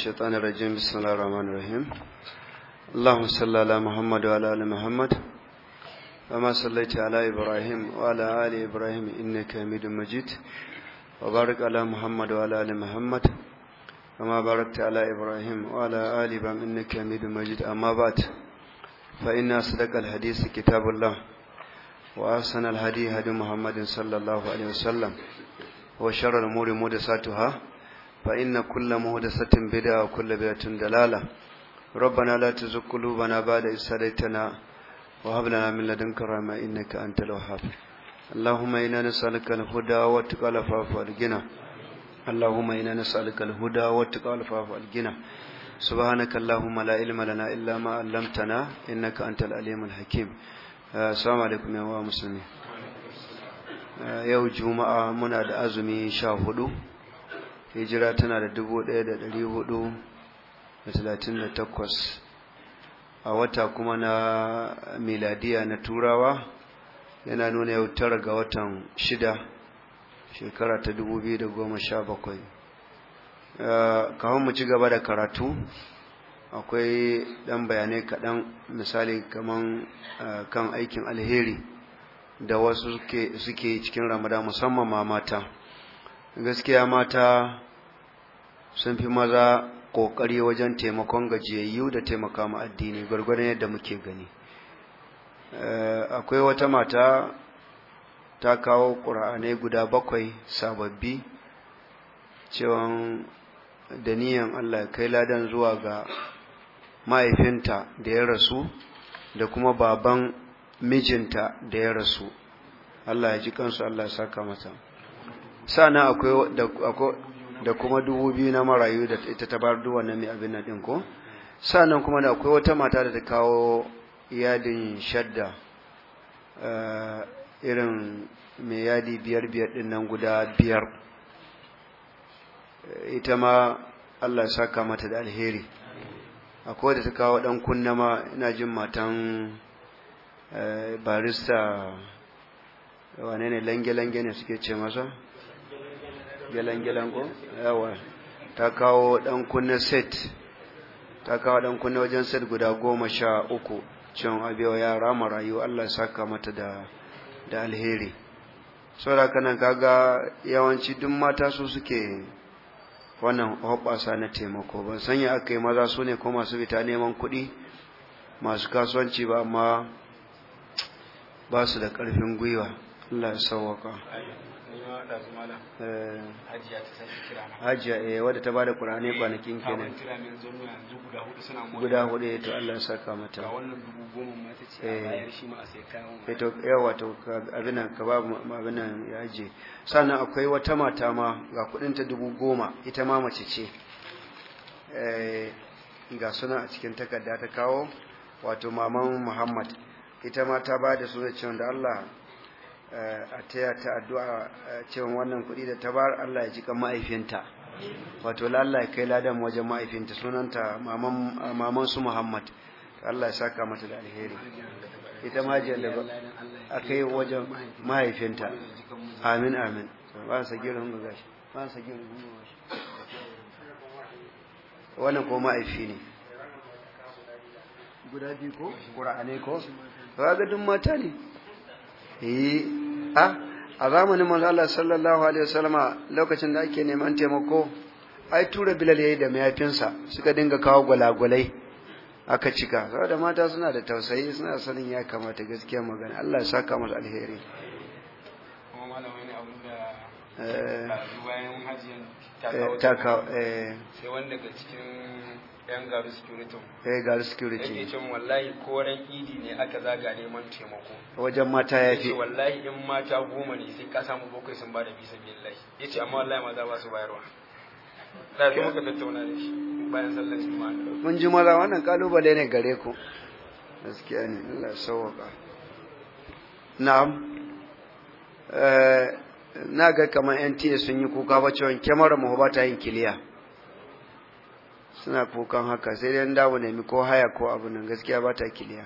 الشيطان الرجيم بسم الله الرحمن الرحيم اللهم صل على محمد وعلى ال محمد وما صليت على ابراهيم وعلى ال ابراهيم انك حميد مجيد وبارك على محمد وعلى ال محمد وما باركت على ابراهيم وعلى ال ابراهيم انك حميد مجيد اما بعد فان اصدق الحديث كتاب الله واحسن الهدي هدي محمد صلى الله عليه وسلم وشر الامور محدثاتها فإن كل مهدسة بدعة وكل بدعة دلالة ربنا لا تزغ قلوبنا بعد إذ هديتنا وهب لنا من لدنك رحمة إنك أنت الوهاب اللهم إنا نسألك الهدى والتقى والعفاف والغنى اللهم إنا نسألك الهدى والتقى والعفاف والغنى سبحانك اللهم لا علم لنا إلا ما علمتنا إنك أنت العليم الحكيم السلام عليكم يا مسلمين yau juma'a muna da azumi hijira tana da dubu ɗaya da ɗari hudu da talatin da takwas a wata kuma na miladiya na turawa yana nuna yau tara ga watan shida shekara ta dubu biyu da goma sha bakwai kawon mu ci gaba da karatu akwai ɗan bayanai kaɗan misali kaman kan aikin alheri da wasu suke cikin ramada musamman ma mata gaskiya mata sun fi maza ƙoƙari wajen taimakon gajiyayyu da taimaka ma addini gwargwadon yadda muke gani eh, akwai wata mata ta kawo ƙura'anai guda bakwai sababbi cewan da niyan Allah kai ladan zuwa ga mahaifinta da ya rasu da kuma baban mijinta da ya rasu Allah ya ji kansu Allah ya saka mata sana akwai da kuma dubu biyu na marayu da ita ta bar duwa na mai abin nan din ko sanan kuma da akwai wata mata da ta kawo yadin shadda eh, irin mai yadi biyar biyar din nan guda biyar eh, ita ma Allah ya saka mata da alheri akwai da ta kawo dan kunna ma ina jin matan eh, barista wane ne lange-lange ne suke ce masa gelan ko yawa ta kawo dan kunna set ta kawo dan kunna wajen set guda goma sha uku cin abewa yara marayu Allah ya saka mata da da alheri saboda kana kaga yawanci duk mata su suke wannan hoɓasa na taimako ban sanya aka yi maza su ne ko masu fita neman kuɗi masu kasuwanci ba amma ba su da ƙarfin gwiwa Allah ya sauwaka. Eh. hajiya eh wadda ta bada qur'ani eh, kwanakin kenan guda hudu eh, to Allah ya saka mata wannan dubu goma ma ta ce a bayar shi ma a sai kayan to yawa to abin nan ka babu abin nan ya aje sannan akwai wata mata ma ga kudin ta dubu goma ita ma mace ce eh ga suna a cikin takarda ta kawo wato maman Muhammad ita ma ta bada sunan cewa da Allah Eh, a taya ta addu'a eh, cewa wannan kudi da tabar Allah ya ji kan ma'aifinta wato lallai kai ladan wajen ma'aifinta sunanta maman su Muhammad Allah ya saka mata da alheri ita ma jiyar da a kai wajen mahaifinta amin amin ba sa girin hunga gashi ba sa girin hunga gashi wannan ko ma'aifi ne guda biyu ko ƙura'ane ko ba ga dun mata ne a a zamanin manzo Allah sallallahu alaihi wasallam lokacin da ake neman taimako ai tura bilal yayi da mayafinsa suka dinga kawo gwalagwalai aka cika saboda mata suna da tausayi suna sanin ya kamata gaskiya magana Allah ya saka musu alheri kuma malamai ne abin da bayan eh. hajiyar ta kawo eh, eh. sai wanda ga cikin yan garu security eh garu security yake cewa wallahi ko ran idi ne aka zaga neman taimako wajen mata ya fi wallahi in mata goma ne sai ka samu bakwai sun ba da bisa billahi yace amma wallahi maza ba su bayarwa da kuma muka tattauna da shi bayan sallar juma'a mun ji maza wannan kalubale ne gare ku gaskiya ne Allah sauka na'am eh na ga kamar NTA sun yi kuka ba cewa kyamarar mu ba ta yin kiliya suna kokan haka sai dai ne nemi ko haya ko abu nan gaskiya ba ta kiliya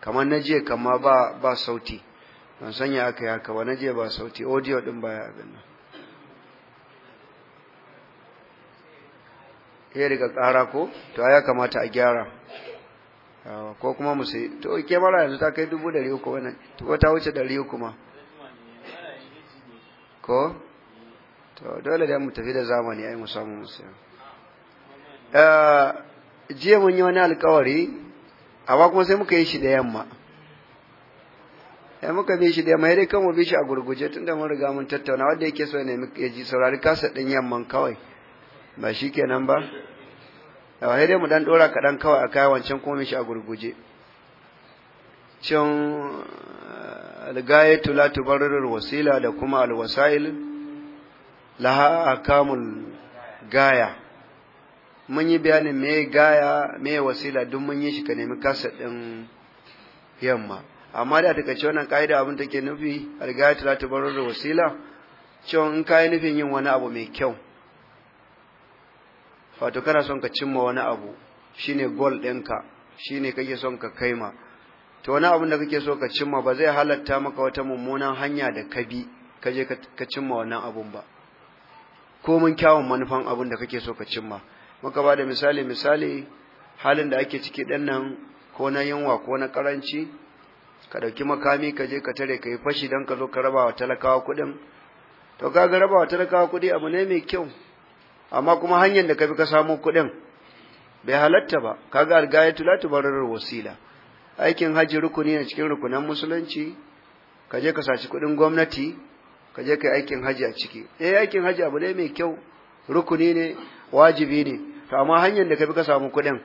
kamar na je ba ba sauti ban sanya aka yi haka ba na je ba sauti audio din baya abin nan ya riga ƙara ko to ya kamata a gyara ko kuma mu sai to ke mara yanzu ta kai dubu dari uku wannan to ta wuce dari uku ma ko to dole da mu tafi da zamani ai mu samu mu Eh, jiya mun yi wani alkawari amma kuma sai muka yi shi da yamma ya eh, muka bi shi da yamma ya dai kanmu bi shi a gurguje tunda mun riga mun tattauna wanda yake so ne ya ji saurari kasa ɗin yamman kawai ba shi kenan ba a eh, wahai dai mu dan dora kaɗan kawai a kai wancan kuma shi a gurguje cin algayatu la tubarrirul wasila da kuma alwasail laha akamul gaya mun yi bayanin me gaya me wasila duk mun yi shi ka nemi kasa din yamma amma da take cewa nan kaida abin take nufi algaya ta ta barar da wasila cewa in kai nufin yin wani abu mai kyau wato kana son ka cimma wani abu shine goal ɗinka shine kake son ka kaima to wani abin da kake so ka cimma ba zai halatta maka wata mummunan hanya da kabi bi ka je ka cimma wannan abun ba ko mun kyawun manufan abin da kake so ka cimma muka ba da misali misali halin da ake ciki ɗan nan ko na yunwa ko na karanci ka ɗauki makami ka je ka tare ka yi fashi don ka zo ka raba wa talakawa kuɗin to ka ga raba wa talakawa kuɗi abu ne mai kyau amma kuma hanyar da ka bi ka samo kuɗin bai halatta ba ka ga algayatu la tubararar wasila aikin hajji rukuni ne cikin rukunan musulunci ka je ka saci kuɗin gwamnati ka je ka yi aikin hajji a ciki eh aikin hajji abu ne mai kyau rukuni ne wajibi ne to amma hanyar da ka bi ka samu kuɗin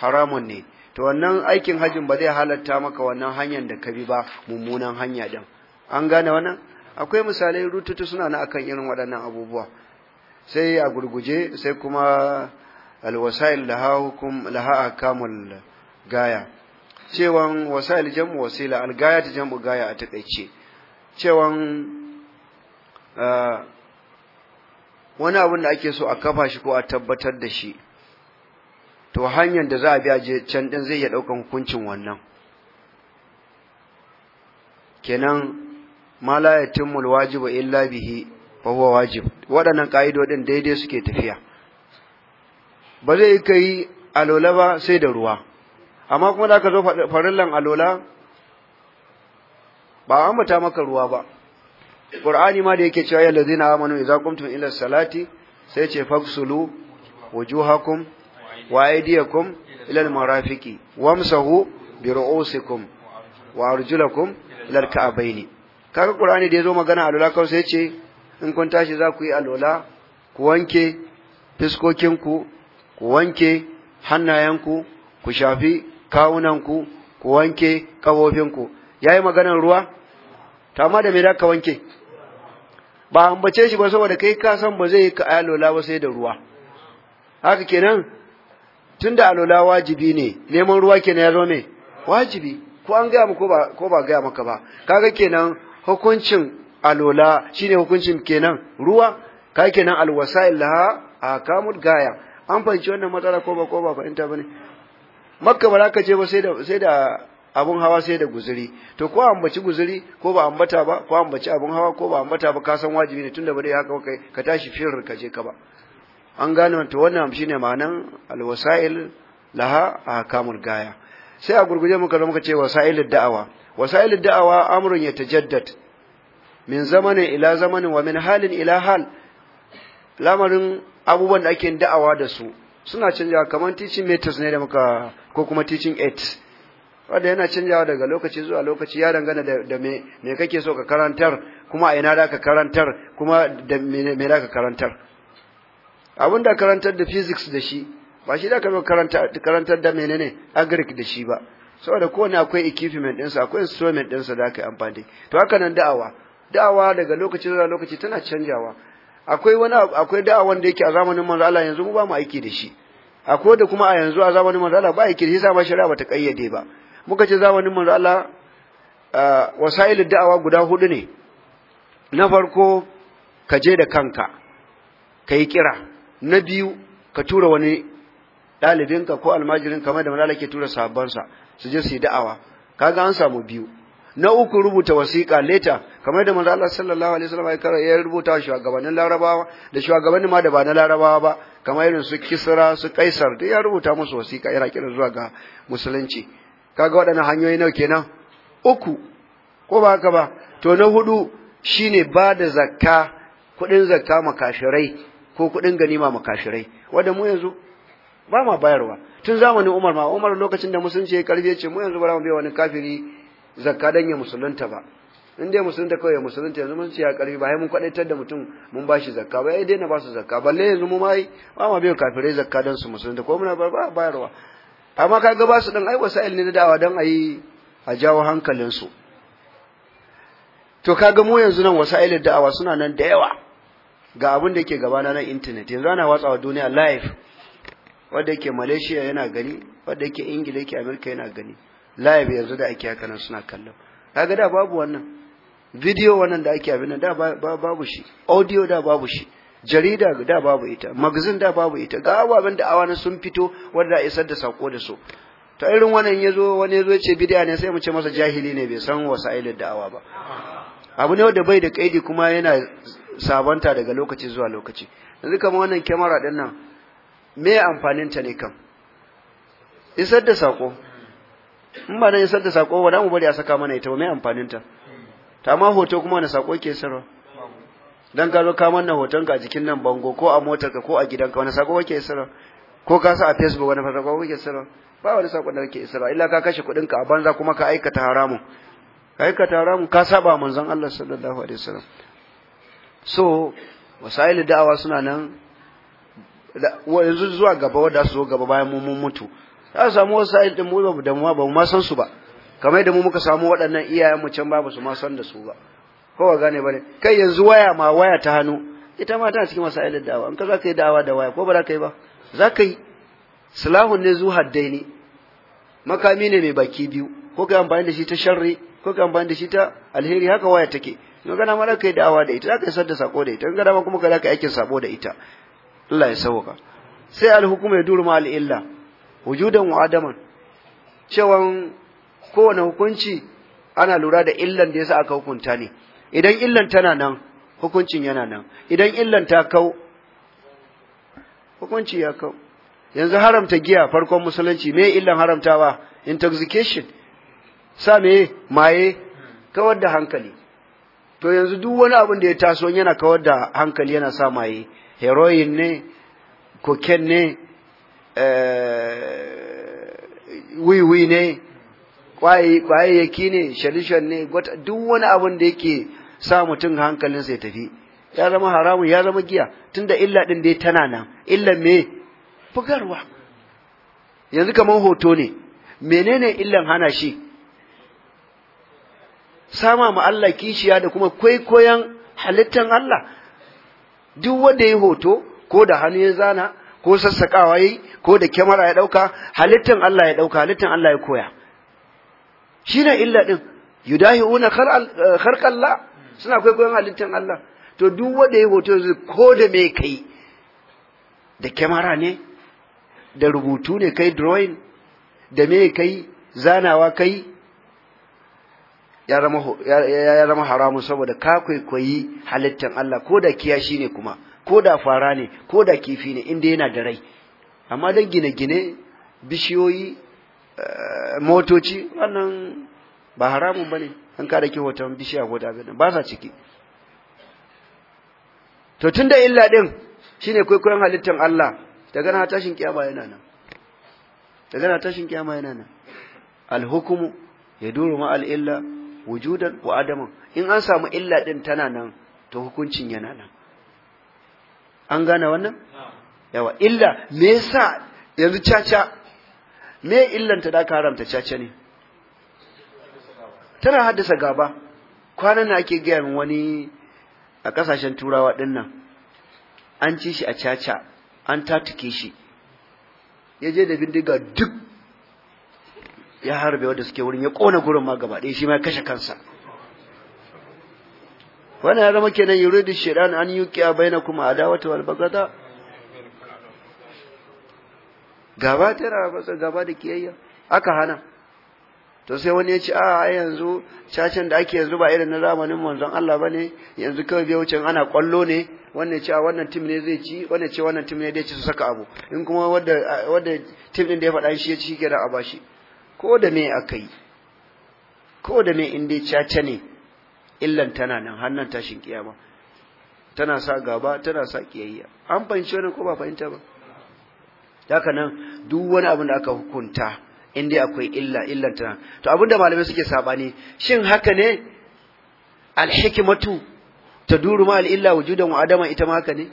haramun ne to wannan aikin hajjin ba zai halatta maka wannan hanyar da ka bi ba mummunan hanya din an gane wannan akwai misalai rututu suna na akan irin waɗannan abubuwa sai a gurguje sai kuma alwasail da hukum laha akamul gaya cewan wasail jam'u wasila algaya ta jam'u gaya a takaice cewan ah, wani abin da ake so a kafa shi ko a tabbatar da shi to hanyar da za a biya je can din zai iya daukan hukuncin wannan kenan mala ya timul wajibu illa bihi fa huwa wajib waɗannan ka'idodin daidai suke tafiya ba zai kai alola ba sai da ruwa amma kuma da ka zo farillan alola ba an mata maka ruwa ba Qur'ani ma da yake cewa ya lazina amanu idza qumtum ila salati sai ce fagsulu wujuhakum wa aydiyakum ila al-marafiqi wamsahu bi ru'usikum wa arjulakum ila al kabayni kaga Qur'ani da yazo magana alula kawai sai ce in kun tashi za ku yi alula ku wanke fiskokinku ku wanke hannayenku ku shafi kawunanku ku wanke kafofinku yayi maganar ruwa Tama da me za ka wanke ba ambace shi ba saboda kai ka san ba zai yi ka alola ba sai da ruwa haka kenan tunda alola wajibi ne neman ruwa kenan ya zo ne wajibi ko an gaya ko ba ko ba gaya maka ba kaga kenan hukuncin alola shine hukuncin kenan ruwa kaga kenan alwasail laha akamul gaya an fahimci wannan matsala ko ba ko ba fahimta bane makka ba za ka je ba sai da sai da abun hawa sai da guzuri to ko ambaci guzuri ko ba ambata ba ko ambaci abun hawa ko ba bata ba ka san wajibi ne tunda ba dai haka kai ka tashi firar ka je ka ba an gane to wannan shine ma'anan alwasail laha ahkamul gaya sai a gurguje muka muka ce wasailud da'awa wasailud da'awa amrun yatajaddad min zamani ila zamanin wa min halin ila hal lamarin abubuwan da ake da'awa da su suna canjawa kamar teaching methods ne da muka ko kuma teaching aids wanda yana canjawa daga lokaci zuwa lokaci ya dangana da me me kake so ka karantar kuma a ina da ka karantar kuma da me da ka karantar abin da karantar da physics da shi ba shi da ka karantar da menene agric da shi ba saboda kowane akwai equipment ɗinsa akwai instrument ɗinsa da aka yi amfani to haka nan da'awa da'awa daga lokaci zuwa lokaci tana canjawa akwai wani akwai da'a wanda yake a zamanin manzo Allah yanzu mu ba mu aiki da shi akwai da kuma a yanzu a zamanin manzo Allah ba aiki da shi sa ma shari'a bata kayyade ba muka ce zamanin manzo Allah wasa'ilin da'awa guda hudu ne na farko ka je da kanka ka yi kira na biyu ka tura wani ɗalibinka ko almajirin kamar da malala ke tura sabansa su je su yi da'awa kaga an samu biyu na uku rubuta wasiƙa leta kamar da manzo Allah sallallahu alaihi wasallam ya rubuta wa shugabannin Larabawa da shugabannin ma da ba na Larabawa ba kamar irin su Kisra su Kaisar duk ya rubuta musu wasiƙa yana kira zuwa ga musulunci kaga waɗannan hanyoyi nawa kenan uku ko ba haka ba to na hudu shine ba da zakka kuɗin zakka makashirai ko kuɗin ganima makashirai wanda mu yanzu ba ma bayarwa tun zamanin Umar ma Umar lokacin da musulunci ya karfi ya ce mu yanzu ba za mu biya wani kafiri zakka dan ya musulunta ba in dai musulunta kawai musulunta yanzu mun ce ya karfi ba mun kwadaitar da mutum mun ba shi zakka ba ya daina ba su zakka balle yanzu mu mai ba ma biyo kafirai zakka dan su musulunta ko muna ba bayarwa amma kaga ba su din ai wasa'il ne na da'awa dan yi a jawo hankalin su to kaga mu yanzu nan wasa'ilin da'awa suna nan da yawa ga abin da yake gabana na internet yanzu ana watsawa duniya live wanda yake Malaysia yana gani wanda yake Ingila yake America yana gani live yanzu da ake haka nan suna kallon kaga da babu wannan video wannan da ake abin da babu shi audio da babu shi jarida da babu ita magazin da babu ita ga ababen da awana sun fito wanda isar da sako da su ta irin wannan yazo wani yazo ce bid'a ne sai mu ce masa jahili ne bai san wasailul da'awa ba abu ne wanda bai da kaidi kuma yana sabanta daga lokaci zuwa lokaci yanzu kamar wannan kyamara din nan me amfanin ta ne kam isar da sako in ba nan isar da sako ba da mu bari a saka mana ita ba me amfanin ta ta ma hoto kuma wani sako ke sarwa dan ka zo ka manna hotonka a jikin nan bango ko a motarka ko a gidanka wani sako kake isra ko ka sa a facebook wani sako kake isra ba wani sako da kake isra illa ka kashe kuɗin ka a banza kuma ka aikata haramun ka aikata haramun ka saba manzon Allah sallallahu alaihi wasallam so wasail da'awa suna nan yanzu zuwa gaba wanda su zo gaba bayan mu mun mutu za samu wasail din mu ba mu da mu ba mu ma san su ba kamar da mu muka samu waɗannan iyayen mu can babu su ma san da su ba kowa gane bane kai yanzu waya ma waya ta hannu ita ma tana cikin masailin da'awa in ka za ka yi da'awa da waya ko ba za ka yi ba za ka yi Salahun ne zu ne. makami ne mai baki biyu ko ka amfani da shi ta sharri ko ka amfani da shi ta alheri haka waya take in gana ma za ka yi da'awa da ita za ka isar da sako da ita in gana ma kuma ka za ka aikin sabo da ita Allah ya sauka sai alhukuma ya duru ma al'illa wujudan wa adaman cewan kowane hukunci ana lura da illan da yasa aka hukunta ne idan illan tana nan hukuncin yana nan idan illan ta kau hukunci ya kau yanzu haramta giya farkon musulunci me illan haramtawa intoxication sa me maye kawar da hankali to yanzu duk wani abin da ya taso yana kawar da hankali yana sa maye heroin ne koken ne eh, wiwi ne kwayayyaki ne shalishan ne duk wani abin da yake sa mutum hankalinsa ya tafi ya zama haramun ya zama giya tunda illa din dai tana nan illa me bugarwa yanzu kamar hoto ne menene illan hana shi sama ma Allah kishiya da kuma kwaikwayon halittan Allah duk wanda ya hoto ko da hannu ya zana ko sassakawa yayi ko da kyamara ya ɗauka, halittan Allah ya ɗauka, halittan Allah ya koya shine illa din yudahiuna kharqalla suna kwaikwayon halittar Allah to duk wanda ya hoto yanzu ko da me kai da kyamara ne da rubutu ne kai drawing da mai kai zanawa kai ya zama haramun saboda ka kwaikwayi halittar Allah ko da kiyashi ne kuma ko da fara ne ko da kifi ne inda yana da rai amma don gine-gine bishiyoyi eh, motoci wannan ba haramun ba ne an ka dake hoton bishiya ko da ba sa ciki to tunda illa din shine kwaikwayon halittar Allah daga na tashin kiyama yana nan daga na tashin kiyama yana nan al hukumu yaduru ma al-illa wujudan wa adaman in an samu illa din tana nan to hukuncin yana nan an gane wannan yawa illa me yasa yanzu caca me illanta da ka haramta caca ne tana haddasa gaba kwanan na ake gaya wani a kasashen turawa din an ci shi a caca an tatuke shi ya je da bindiga duk ya harbe wanda suke wurin ya kona gurin ma gaba ɗaya shi ma ya kashe kansa wannan ya zama kenan yuridu shirin an yi yuqiya bainakum adawata wal bagada gaba tara gaba da kiyayya aka hana to sai wani ya ce a ah, ai yanzu cacin da ake yanzu ba irin na zamanin manzon Allah bane yanzu kawai bai wucin ana kwallo ne wannan ce ah, wannan tim ne zai ci wannan ce wannan tim ne zai ci su saka abu in kuma wanda wanda tim din da ya faɗa shi ya ci kenan a bashi ko da me akai ko da me in dai caca ne illan tana nan hannan tashin kiyama tana sa gaba tana sa kiyayya an fahimci wannan ko ba fahimta ba haka nan duk wani abin da aka hukunta in dai akwai illa illan tana to abinda malamai suke sabani shin haka ne alhikmatu taduru ma al-illa wujudan wa adama ita ma haka ne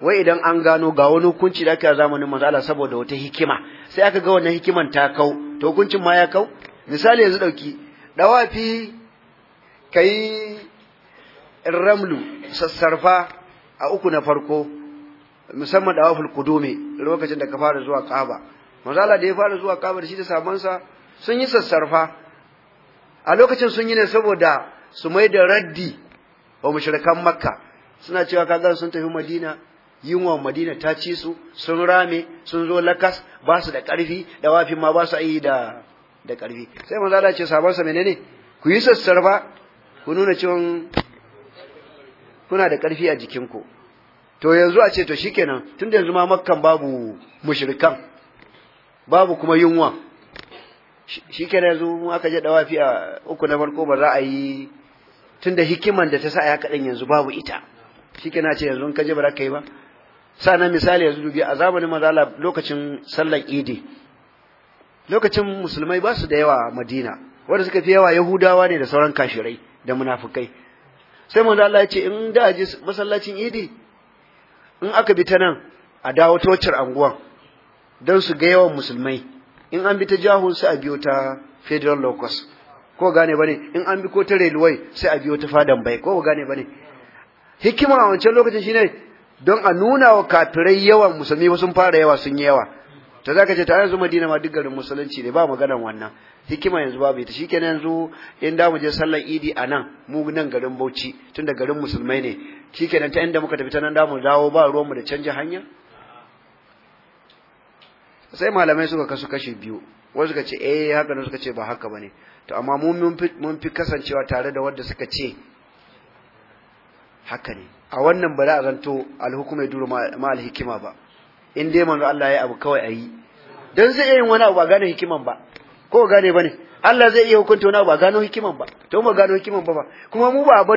wai idan an gano ga wani hukunci da aka zamanin manzo Allah saboda wata hikima sai aka ga wannan hikiman ta kau to hukuncin ma ya kau misali yanzu dauki dawafi kai ramlu sassarfa a uku na farko musamman dawaful kudume lokacin da ka fara zuwa kaba manzala da ya fara zuwa kabar shi da sabansa sun yi sassarfa a lokacin sun yi ne saboda su mai da raddi wa mushrikan Makka suna cewa kaga sun tafi Madina wa Madina ta ci su sun rame sun zo lakas ba su da ƙarfi da wafin ma ba su ayi da da ƙarfi sai manzala ce sabansa menene ku yi sassarfa ku nuna cewa kuna da ƙarfi a jikinku to yanzu a ce to shikenan tun da yanzu ma makkan babu mushrikan babu kuma yunwa shi kenan yanzu mu aka je dawafi a uku na farko ba za a yi tunda hikiman da ta sa ya kaɗan yanzu babu ita shi kenan ce yanzu ka je ba za ka yi ba na misali yanzu dubi a zamanin mazala lokacin sallar idi lokacin musulmai ba su da yawa madina wanda suka fi yawa yahudawa ne da sauran kashirai da munafukai sai Allah ya ce in da ji masallacin idi in aka bi ta nan a dawo tocir anguwan don su ga yawan musulmai in an bi ta jahun sai a biyo ta federal locus ko gane bane in an bi ko ta railway sai a biyo ta fadan bai ko gane bane hikima a wancan lokacin shine don a nuna wa kafirai yawan musulmi ba sun fara yawa sun yi yawa ta za ka ce ta yanzu Madina ma duk musulunci ne ba maganan wannan hikima yanzu babu ita kenan yanzu in da mu je sallar Idi a nan mu nan garin Bauchi tunda garin musulmai ne kenan ta inda muka tafi ta nan da mu dawo ba ruwan mu da canja hanya sai malamai suka kasu kashi biyu wasu suka ce eh haka ne suka ce ba haka bane to amma mun mun fi kasancewa tare da wanda suka ce haka ne a wannan ba za a zanto alhukumai duru ma alhikima ba in dai manzo Allah ya abu kawai ayi dan zai iya yin wani abu ba gane hikiman ba ko gane bane Allah zai iya hukunta wani abu ba gano hikiman ba to mu gano hikiman ba ba kuma mu ba ba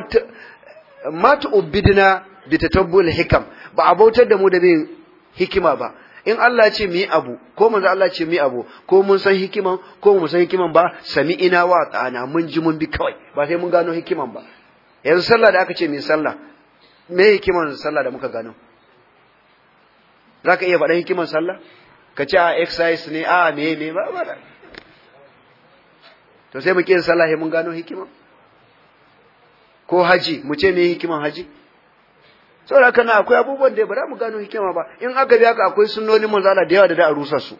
matu ubidina bitatabbul hikam ba abautar da mu da bin hikima ba in Allah ce mu yi abu ko manzo Allah ce mu yi abu ko mun san hikiman ko mun san hikiman ba sami ina wa ta'ana mun ji mun bi kawai ba sai mun gano hikiman ba yanzu sallah da aka ce mu sallah me hikiman sallah da muka gano zaka iya faɗa hikiman sallah ka ce a exercise ne a me me ba ba to sai mu kiyin sallah mun gano hikiman ko haji mu ce me hikiman haji saboda kana akwai abubuwan da ba za mu gano hikima ba in aka biya ka akwai sunnonin manzo Allah da yawa da da rusa su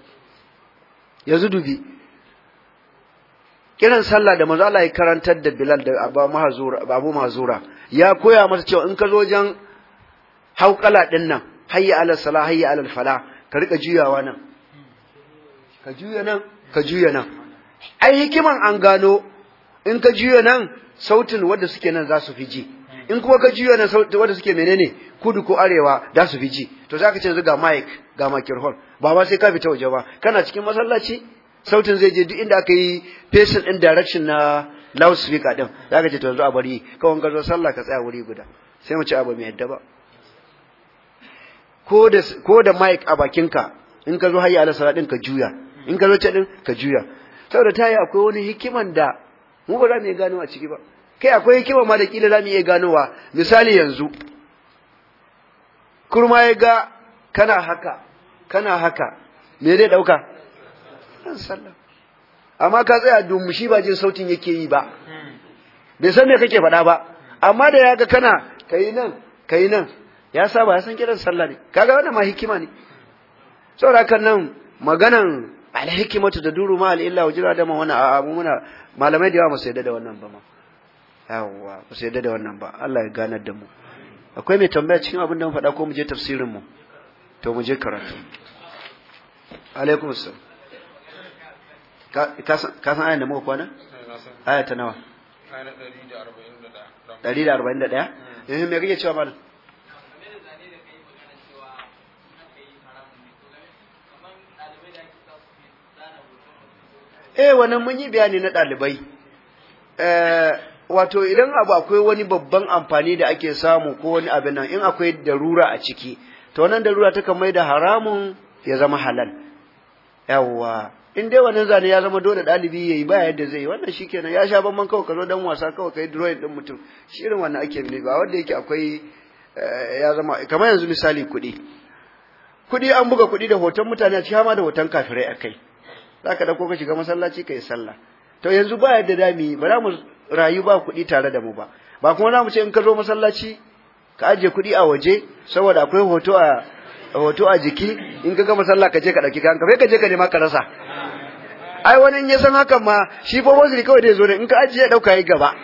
yanzu dubi kiran sallah da manzo Allah ya karantar da Bilal da Abu Mahzura Abu Mahzura ya koya masa cewa in ka zo wajen hauƙala din nan hayya ala salah hayya ala fala ka rika juyawa nan ka juya nan ka juya nan ai hikiman an gano in ka juya nan sautin wanda suke nan za su fi ji in kuma ka juya nan wanda suke menene kudu ko arewa da su fi ji to ka ce ga mic ga microphone ba Baba sai ka fita waje ba kana cikin masallaci sautin zai je duk inda aka yi facing in direction na loudspeaker din ka ce to yanzu a bari ka wanga zo sallah ka tsaya wuri guda sai mu ci abu mai yadda ba ko da ko mic a bakinka in ka zo hayya ala salat din ka juya in ka zo ce din ka juya saboda tayi akwai wani hikiman da mu ba za mu gano a ciki ba kai akwai hikima ma da kila zamu iya ganowa misali yanzu kurma ya ga kana haka kana haka me zai dauka sallah amma ka tsaya dumushi ba jin sautin yake yi ba bai san me kake faɗa ba amma da ya ga kana kai nan kai nan ya saba ya san kiran sallah ne kaga wannan ma hikima ne saboda kan nan maganan al hikimatu da duru ma al illa wajira da ma wannan abu muna malamai da yawa musu yadda da wannan ba ma yawwa ku sai yadda da wannan ba Allah ya ganar da mu akwai mai tambaya cikin abin da mun faɗa ko mu je tafsirin mu to mu je karatu alaikum assalam ka san ayan da muka kwana aya ta nawa ɗari da arba'in da ɗaya hmm. eh me kake cewa malam eh wannan mun yi bayani na ɗalibai eh, wato idan abu akwai wani babban amfani da ake samu ko wani abin nan in akwai darura a ciki to wannan darura ta mai da haramun ya zama halal yawwa in dai wannan zane ya zama dole dalibi yayi ba yadda zai wannan shikenan ya sha banban kawai kazo dan wasa kawai kai drawing din mutum shi irin wannan ake ne ba wanda yake akwai eh, ya zama kamar yanzu misali kuɗi kuɗi an buga kuɗi da hoton mutane a cikin ma da hoton kafirai akai zaka dauko ka shiga masallaci kai sallah to yanzu ba yadda dami ba za mu rayu ba kuɗi tare da mu ba ba kuma za mu ce in ka zo masallaci ka ajiye kuɗi a waje saboda akwai hoto a hoto a jiki in ka gama sallah ka je ka ɗauki kanka kai ka je ka nema ka rasa ai wani ya san hakan ma shi fa wasiri kawai da zo ne in ka ajiye ɗauka yi gaba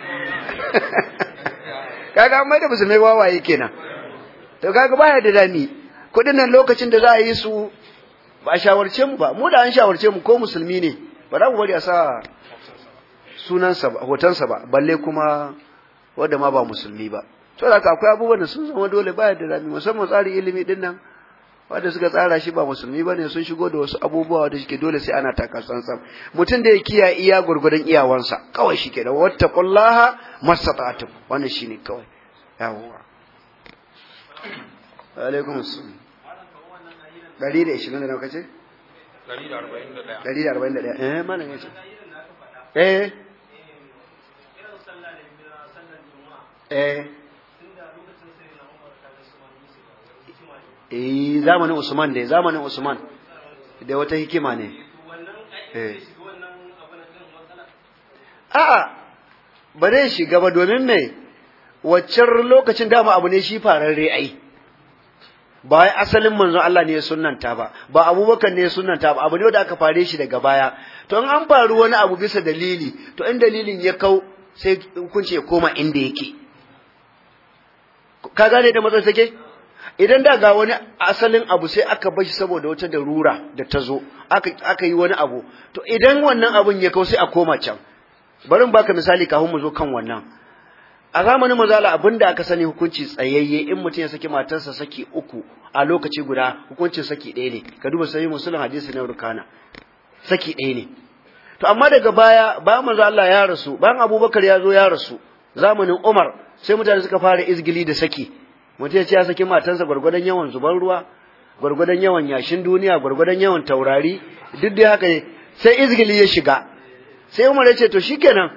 kaga amma da musulmai wawaye kenan to kaga baya da dani kuɗin nan lokacin da za a yi su ba a shawarce mu ba mu da an shawarce mu ko musulmi ne ba za mu bari a sa sunansa ba hotonsa ba balle kuma wanda ma ba musulmi ba to da akwai abubuwan da sun zama dole baya da rami musamman tsarin ilimi din nan wanda suka tsara shi ba musulmi ba ne sun shigo da wasu abubuwa wanda suke dole sai ana taka tsantsan mutum da ya kiya iya gurgurdan iyawansa kawai shi da wattaqullaha mastata'tum wannan shine kawai yawa alaikum assalam dari da nawa kace da 141 eh malamin ce eh eh eh zamanin Usman ne zamanin Usman da wata hikima ne eh, eh. a'a ba zai shiga ba domin me waccan lokacin dama abu ne shi fararre ai ba asalin manzon Allah ne ya sunnanta ba ba abubakar ne ya sunnanta ba abu ne da aka fare shi daga baya to in an faru wani abu bisa dalili to in dalilin ya kau sai hukunci ya koma inda yake ka gane da matsayin take idan da ga wani asalin abu sai aka bashi saboda wata darura da ta zo aka yi wani abu to idan wannan abun ya kawo sai a koma can barin baka misali kafin mu zo kan wannan a zamanin mazala abinda aka sani hukunci tsayayye in mutum ya saki matarsa saki uku a lokaci guda hukuncin saki ɗaya ne ka duba sahih musulun hadisi na rukana saki ɗaya ne to amma daga baya bayan manzo ya rasu bayan Abubakar ya zo ya rasu zamanin Umar sai mutane suka fara izgili da saki mutum ya ce ya saki matansa gwargwadon yawan zuban ruwa gwargwadon yawan yashin duniya gwargwadon yawan taurari duk dai haka sai izgili ya shiga sai Umar ya ce to shikenan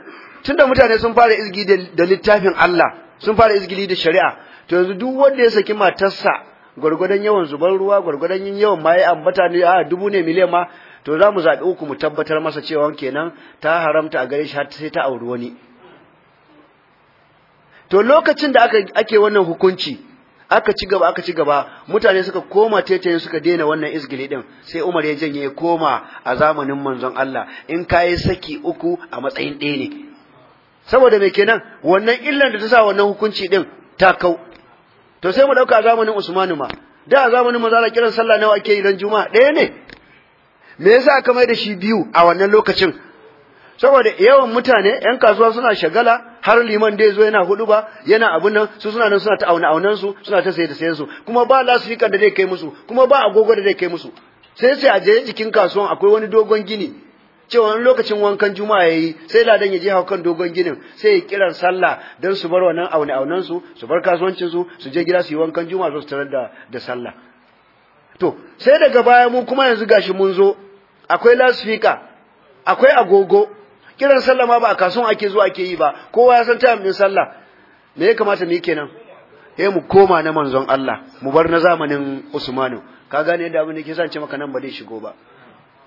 tunda mutane sun fara izgili da littafin Allah sun fara izgili da shari'a to yanzu duk wanda ya saki matarsa gwargwadon yawan zuban ruwa gwargwadon yin yawan maye ambata ne a dubu ne miliyan ma to za mu zaɓi uku mu tabbatar masa cewa kenan ta haramta a gare shi har sai ta auri wani to lokacin da aka ake wannan hukunci aka ci gaba aka ci gaba mutane suka koma tetayen suka daina wannan isgili din sai Umar ya janye ya koma a zamanin manzon Allah in kai saki uku a matsayin ɗaya ne saboda me kenan wannan illan da ta sa wannan hukunci din ta kau to sai mu dauka a zamanin Usmanu ma da a zamanin manzon Allah kiran sallah nawa ake yi ran juma'a ɗaya ne me yasa aka mai da shi biyu a wannan lokacin saboda yawan mutane yan kasuwa suna shagala har liman da zo yana hudu ba yana abun nan su suna nan suna ta auna aunan su suna ta saye da sayen su kuma ba lasifika da zai kai musu kuma ba agogo da zai kai musu sai sai a je jikin kasuwan akwai wani dogon gini cewa wani lokacin wankan juma'a yayi sai ladan ya je hau dogon ginin sai ya kiran sallah dan su bar wannan aune aunan su su bar kasuwancin su su je gida su yi wankan juma'a su tarar da da sallah to sai daga baya mu kuma yanzu gashi mun zo akwai lasifika akwai agogo kiran sallah ma ba a kasuwan ake zuwa ake yi ba kowa ya san time sallah me ya kamata ni kenan eh mu koma na manzon Allah mu bar na zamanin Usmanu ka gane yadda abin da ke sance maka nan ba zai shigo ba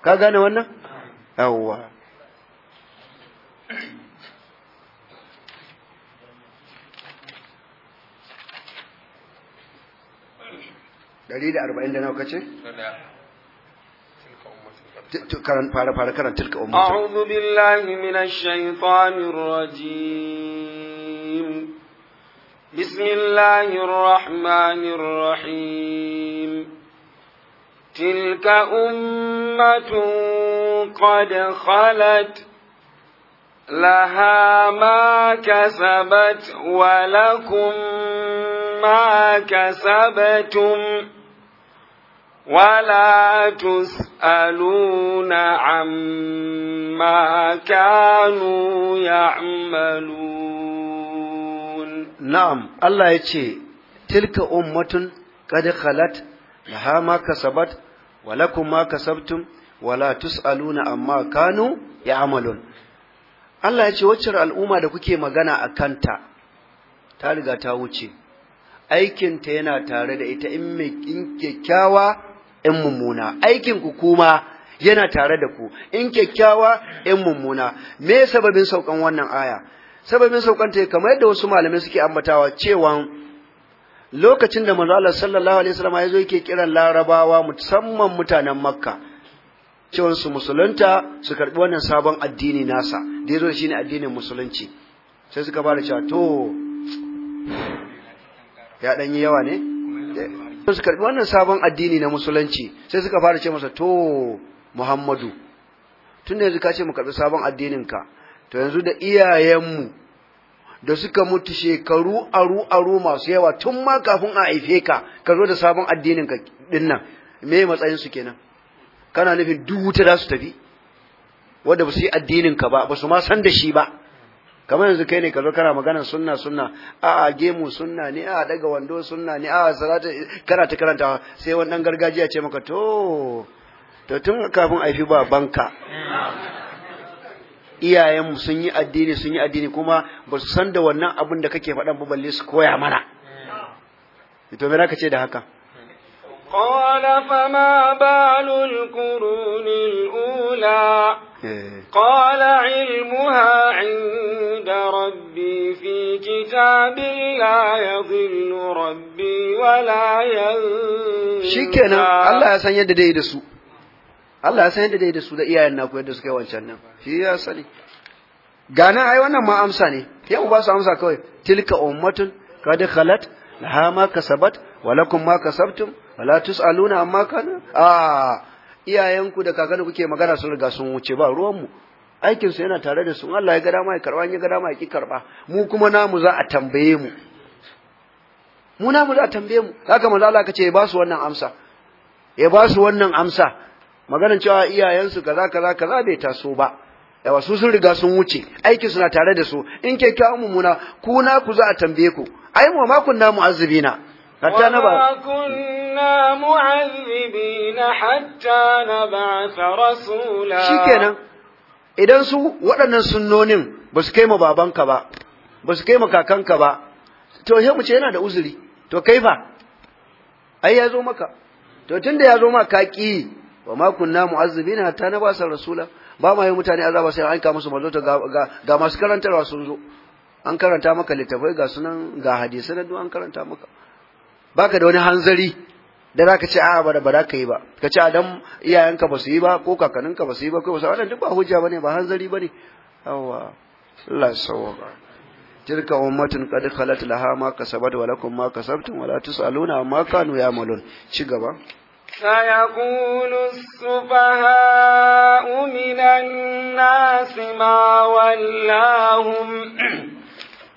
ka gane wannan yawwa Dari da arba'in da nawa kace? أعوذ بالله من الشيطان الرجيم بسم الله الرحمن الرحيم تلك أمة قد خلت لها ما كسبت ولكم ما كسبتم ولا تسألون عما كانوا يعملون نعم الله يتشي تلك أمة قد خلت لها ما كسبت ولكم ما كسبتم ولا تسألون عما كانوا يعملون Allah ya ce waccar al'umma da kuke magana a kanta ta riga ta wuce aikinta yana tare da ita in kyakkyawa Yan mummuna aikin ku kuma yana tare da ku in kyakkyawa yan mummuna me sababin saukan wannan aya sababin saukan ta kamar yadda wasu malamai suke ambatawa cewa lokacin da manzo Allah sallallahu alaihi wasallam ya zo yake kiran larabawa musamman mutanen makka cewan su musulunta su karbi wannan sabon addini nasa da yazo shine addinin musulunci sai suka fara cewa to ya dan yi yawa ne su karɓi wannan sabon addini na musulunci sai suka fara ce masa to Muhammadu Tunda da yanzu ka ce mu karɓi sabon addinin ka to yanzu da iyayenmu da suka mutu shekaru aru aru masu yawa tun ma kafin a haife ka ka zo da sabon addinin ka nan me matsayin su kenan kana nufin duk wuta za su tafi wanda ba su yi addinin ka ba ba su ma san da shi ba kamar yanzu kai ne ka zo kana magana sunna sunna a a gemu sunna ne a daga wando sunna ne a salata kana ta karanta sai wannan gargajiya ce maka to to tun kafin aifi ba banka iyayenmu sun yi addini sun yi addini kuma ba su san da wannan abin da kake faɗan ba balle su koya mana hmm. to me ka ce da haka قال فما بال القرون الأولى قال علمها عند ربي في كتاب لا يضل ربي ولا ينسى شكرا الله يسان يد دي دسو Allah ya san yadda dai da su da iyayen naku yadda suka yi wancan nan shi ya sani gana ai wannan ma amsa ne yau ba su amsa kawai tilka ummatun kad khalat laha ma kasabat wa lakum ma kasabtum wala tusaluna amma kana a iyayenku da kakanni kuke magana sun riga sun wuce ba ruwanmu aikin su yana tare da su Allah ya ga dama ya karba ya ga dama ya ki karba mu kuma namu za a tambaye mu mu namu za a tambaye mu haka manzo Allah kace ya ba su wannan amsa ya ba su wannan amsa maganar cewa iyayensu kaza kaza kaza bai taso ba yawa su sun riga sun wuce aikin suna tare da su in mu muna ku na ku za a tambaye ku ai mu ma namu azubina حتى نبعث كنا معذبين حتى نبعث رسولا idan su waɗannan sunnonin ba su kai ma babanka ba ba su kai ma kakanka ba to he mu ce yana da uzuri to kai fa ai ya zo maka to tunda ya zo maka ka ki wa ma kunna mu'azzibina hatta na ba sa rasula ba ma yi mutane azaba sai an ka musu mazo ta ga masu karantarwa sun zo an karanta maka littafai ga sunan ga hadisi na duk an karanta maka baka da wani hanzari da zaka ce a'a bara bara ka yi ba ka ce dan iyayenka ba su yi ba ko kakaninka ba su yi ba kai ba wannan duk ba hujja bane ba hanzari bane yawa Allah sawaba tilka ummatun qad khalat laha ma kasabat wa lakum ma kasabtum wa la tusaluna amma kanu ya'malun ci gaba سيقول السفهاء من الناس ما ولاهم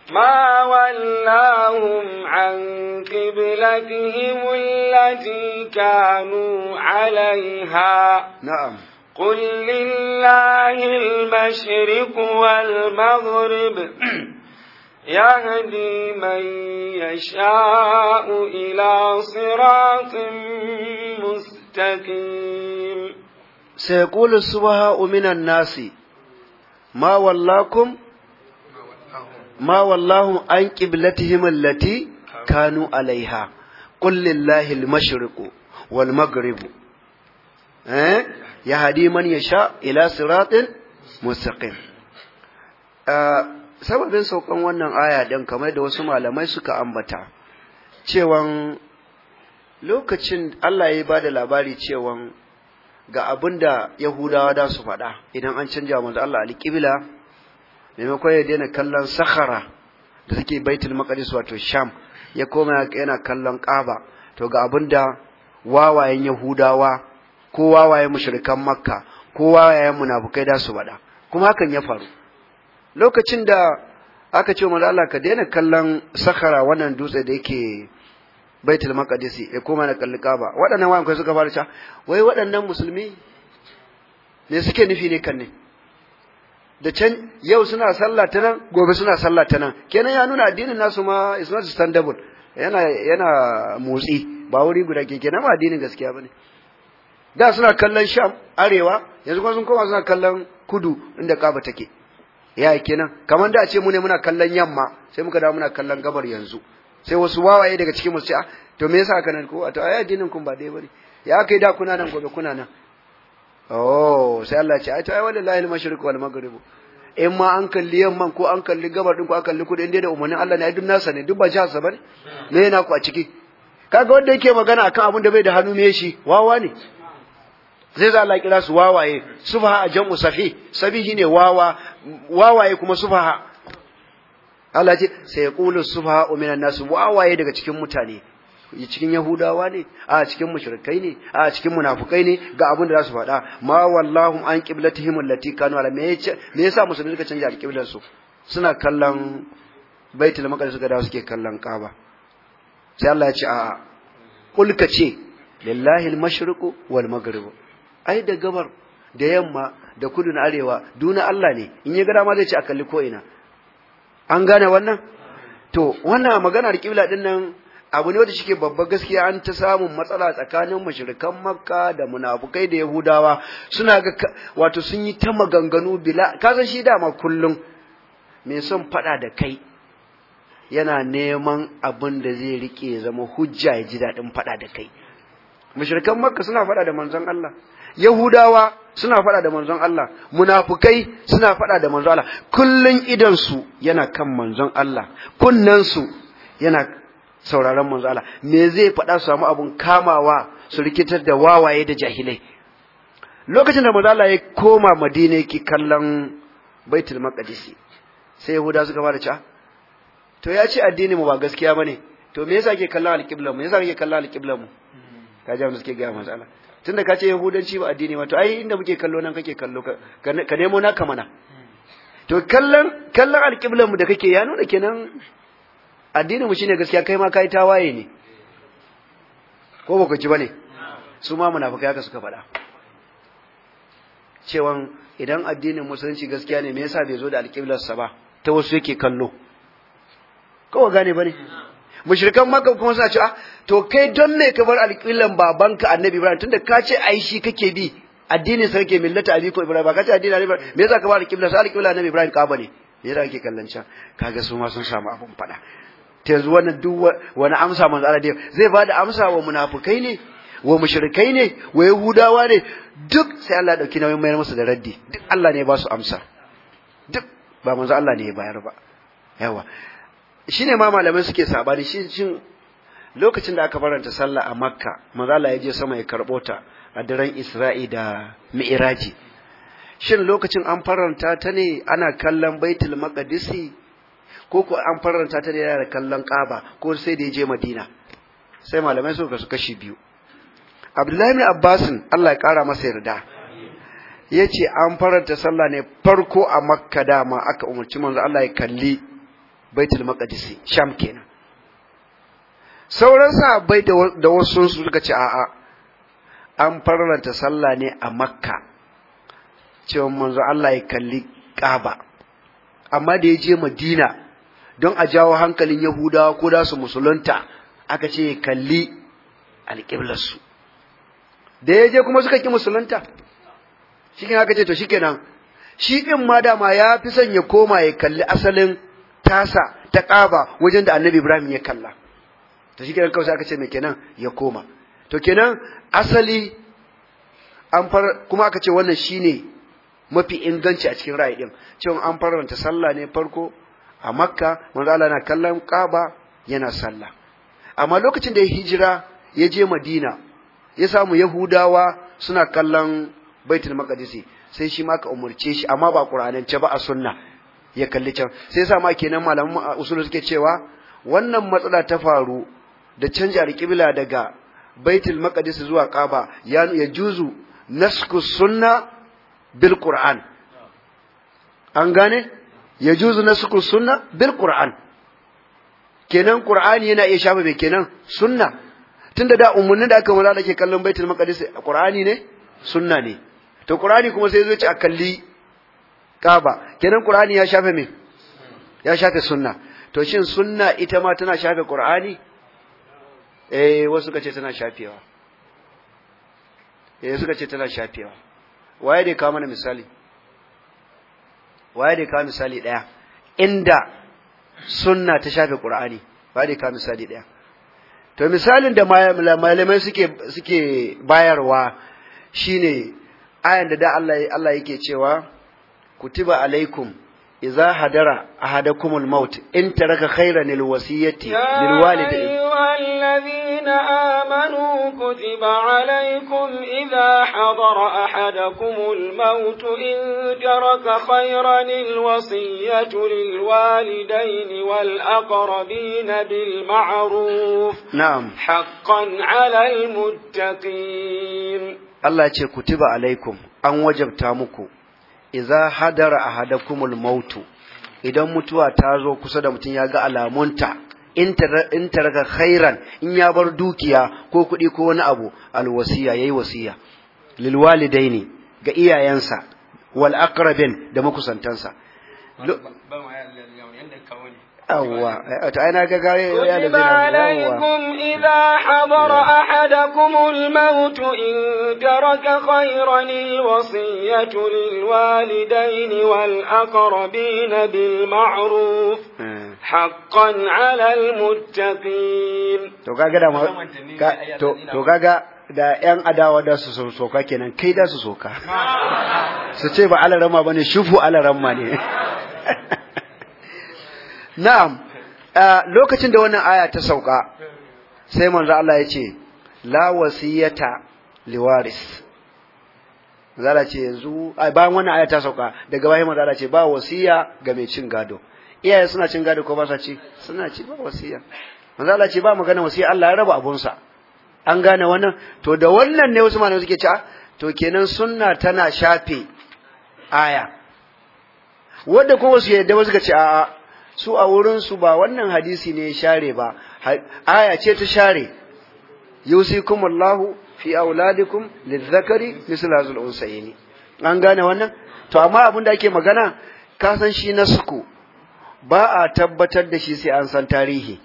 ما ولاهم عن قبلتهم التي كانوا عليها نعم قل لله المشرق والمغرب يهدي من يشاء إلى صراط مستقيم سيقول السبهاء من الناس ما ولاكم ma wallahu an قبلتهم التي kanu alaiha قل لله المشرق والمغرب wal maghribu eh yahdi man yasha ila siratin eh, sababin saukan wannan aya dan kamar da wasu malamai suka ambata cewan lokacin Allah ya ba da labari cewan ga abinda Yahudawa da su faɗa idan an canja manzo Allah alƙibla maimakon ya daina kallon sakhara da suke baitul maqdis wato sham ya koma yana kallon kaba to ga abinda wawayen yahudawa ko wawayen mushrikan makka ko wawayen munafukai da su bada kuma hakan ya faru lokacin da aka ce manzo Allah ka daina kallon sakhara wannan dutse da yake baitul maqdisi ya koma na kalli kaba waɗannan wayan kai suka fara cewa wai waɗannan musulmi ne suke nufi ne kan ne da can yau suna sallah ta nan gobe suna sallah ta nan kenan ya nuna addinin nasu ma is not standable yana yana motsi ba wuri guda ke kenan ba addinin gaskiya bane da suna kallon sham arewa yanzu kuma sun koma suna kallon kudu inda kaba take ya kenan kamar da a ce mu ne muna kallon yamma sai muka dawo muna kallon gabar yanzu sai wasu wawaye daga cikin mu ce ah, to me yasa haka nan ko to ai addinin kun ba dai bane ya kai da kuna nan gobe kuna nan oh sai Allah ce ai ta wallahi al-mashriq wal magaribu in ma an kalli yamman ko an kalli gabar ɗin ko an kalli kudin inda da umarnin Allah na duk nasa ne duk ba jihar sa ne Na yana ku a ciki kaga wanda yake magana akan abin da bai da hannu me shi wawa ne zai za Allah kira su wawaye sufaha a jam'u safi sabihi ne wawa wawaye kuma sufaha Allah ce sai yaqulu sufaha minan nasu wawaye daga cikin mutane cikin yahudawa ne a cikin mushrikai ne a cikin munafukai ne ga abin da za su faɗa ma wallahu an qiblatihim allati kanu ala me yasa musulmi suka canja alqiblar su suna kallon baitul maqdis suka dawo suke kallon kaaba sai Allah ya ce a kul ka ce lillahi al wal maghribu ai da gabar da yamma da kudu na arewa duna Allah ne in ya ga dama zai ce a kalli ko ina an gane wannan to wannan magana da kibla din nan abu ne wanda shike babba gaskiya an ta samun matsala tsakanin mushrikan makka da munafukai da yahudawa suna ga wato sun yi ta maganganu bila Ka san shi dama kullum mai son fada da kai yana neman abin da zai rike zama hujja ya ji daɗin fada da kai mushrikan makka suna fada da manzon Allah yahudawa suna fada da manzon Allah munafukai suna fada da manzon Allah kullun idan su yana kan manzon Allah kunnan su yana sauraron manzo Allah me zai faɗa su samu abun kamawa su rikitar da wawaye da jahilai lokacin da manzo Allah ya koma Madina yake kallon Baitul Maqdis sai Yahuda suka fara cewa to ya ce addini mu ba gaskiya bane to me yasa kake kallon alƙiblar mu yasa kake kallon alƙiblar mu ka ji abin da suke ga manzo Allah tunda ka ce Yahudanci ba addini ba to ai inda muke kallo nan kake kallo ka nemo naka mana to kallon kallon alƙiblar mu da kake ya nuna kenan addinin mu shine gaskiya kai ma kai tawaye ne ko baka ji bane su ma munafikai haka suka faɗa cewan idan addinin musulunci gaskiya ne me yasa bai zo da alƙiblarsa ba ta wasu yake kallo kawai gane bane mushrikan maka kuma suna cewa to kai don me ka bar alƙiblan babanka annabi ibrahim tunda ka ce ai shi kake bi addinin sa kake millata ko ibrahim ba ka ce addinin ibrahim me yasa ka bar alƙibla sa alƙibla annabi ibrahim ka bane me yasa kake kallon can kaga su ma sun samu abun faɗa ta yanzu wannan duk wani amsa manzo Allah da zai bada amsa wa munafukai ne wa mushrikai ne wa yahudawa ne duk sai Allah dauki nauyin mayar musu da raddi duk Allah ne ba su amsa duk ba manzo Allah ne ya bayar ba yawa shine ma malamai suke sabani shin lokacin da aka faranta sallah a Makka manzo Allah ya je sama ya karbo ta a daren Isra'i da Mi'raji shin lokacin an faranta ta ne ana kallon Baitul Maqdisi ko ko an faranta ta da kallon kaba ko sai da ya je Madina sai malamai su ka su kashi biyu Abdullahi bin Abbasin. Allah ya kara masa yarda yace an faranta sallah ne farko a Makka dama aka umarci manzo Allah ya kalli Baitul Maqdis Sham kenan sauran sahabbai da wasu suka ce a'a an faranta sallah ne a makka cewa manzo Allah ya kalli kaba. amma da ya je madina don a jawo hankalin yahudawa ko da su musulunta aka ce kalli alƙiblarsu da ya je kuma suka ki musulunta shi aka ce to shi kenan shi ɗin ma dama ya fi son ya koma ya kalli asalin tasa ta ƙaba wajen da annabi ibrahim ya kalla to shi kenan kawai aka ce mai kenan ya koma to kenan asali an far kuma aka ce wannan shine mafi inganci a cikin ra'ayi cewa an faranta sallah ne farko a makka manzo Allah na kallon ƙaba, yana sallah amma lokacin da ya hijira ya je madina ya samu yahudawa suna kallon baitul Maqdis sai shi ma ka umurce shi amma ba qur'anance ba a sunna ya kalli can sai ya ma kenan malaman usulu suke cewa wannan matsala ta faru da canja alqibla daga baitul maqdis zuwa kaaba ya juzu nasku sunna bil qur'an an gane yajuzu suku sunna bil qur'an kenan qur'ani yana iya shafa mai kenan sunna tunda da umurnin da aka wala da ke kallon baitul a qur'ani ne sunna ne to qur'ani kuma sai zo ci a kalli kaba kenan qur'ani ya shafa mai ya shafe sunna to shin sunna ita ma tana shafe qur'ani eh wasu ce tana shafewa eh suka ce tana shafewa waye dai kawo mana misali waye da ka misali daya inda sunna ta shafe qur'ani waye da ka misali daya to misalin da malamai suke suke bayarwa shine ayan da da Allah Allah yake cewa kutiba alaikum ahadakumul maut in الموت إن ترك خيرا الوصية للوالدين الذين آمنوا كتب عليكم إذا حضر أحدكم الموت إن جرك خيرا الوصية للوالدين والأقربين بالمعروف نعم حقا على المتقين الله يقول كتب عليكم أن وجب muku إذا حضر أحدكم الموت idan mutuwa ta zo kusa da mutum ya ga alamunta in taraka khairan in ya bar dukiya ko kuɗi ko wani abu alwasiya yayi wasiya lil walidaini ga iyayensa wal aqrabin da makusantansa أوه. أنا كتب عليكم إذا حضر أحدكم الموت إن ترك خيرا الوصية للوالدين والأقربين بالمعروف haqqan 'alal muttaqin to kaga da to kaga da ‘yan adawa da su soka kenan kai da su soka su ce ba alarama ba ne shufu alarama ne na'am lokacin da wannan aya ta sauka sai manzo Allah ya ce la wasiyata liwaris zala ce yanzu bayan wannan aya ta sauka daga bayan manzo Allah ce ba wasiya ga mai cin gado iyaye suna cin gado ko ba sa ci suna ci ba wasiya manzo Allah ce ba magana wasiya Allah ya raba abunsa an gane wannan to da wannan ne wasu malamai suke cewa ah, to kenan sunna tana shafe aya wanda kuma su yadda wasu ce a'a su a wurin su ba wannan hadisi ne ya share ba aya ce ta share yusikumullahu fi auladikum lizzakari misl hazul unsayni an gane wannan to amma abin da ake magana ka san shi na suku ba a tabbatar da shi sai an san tarihi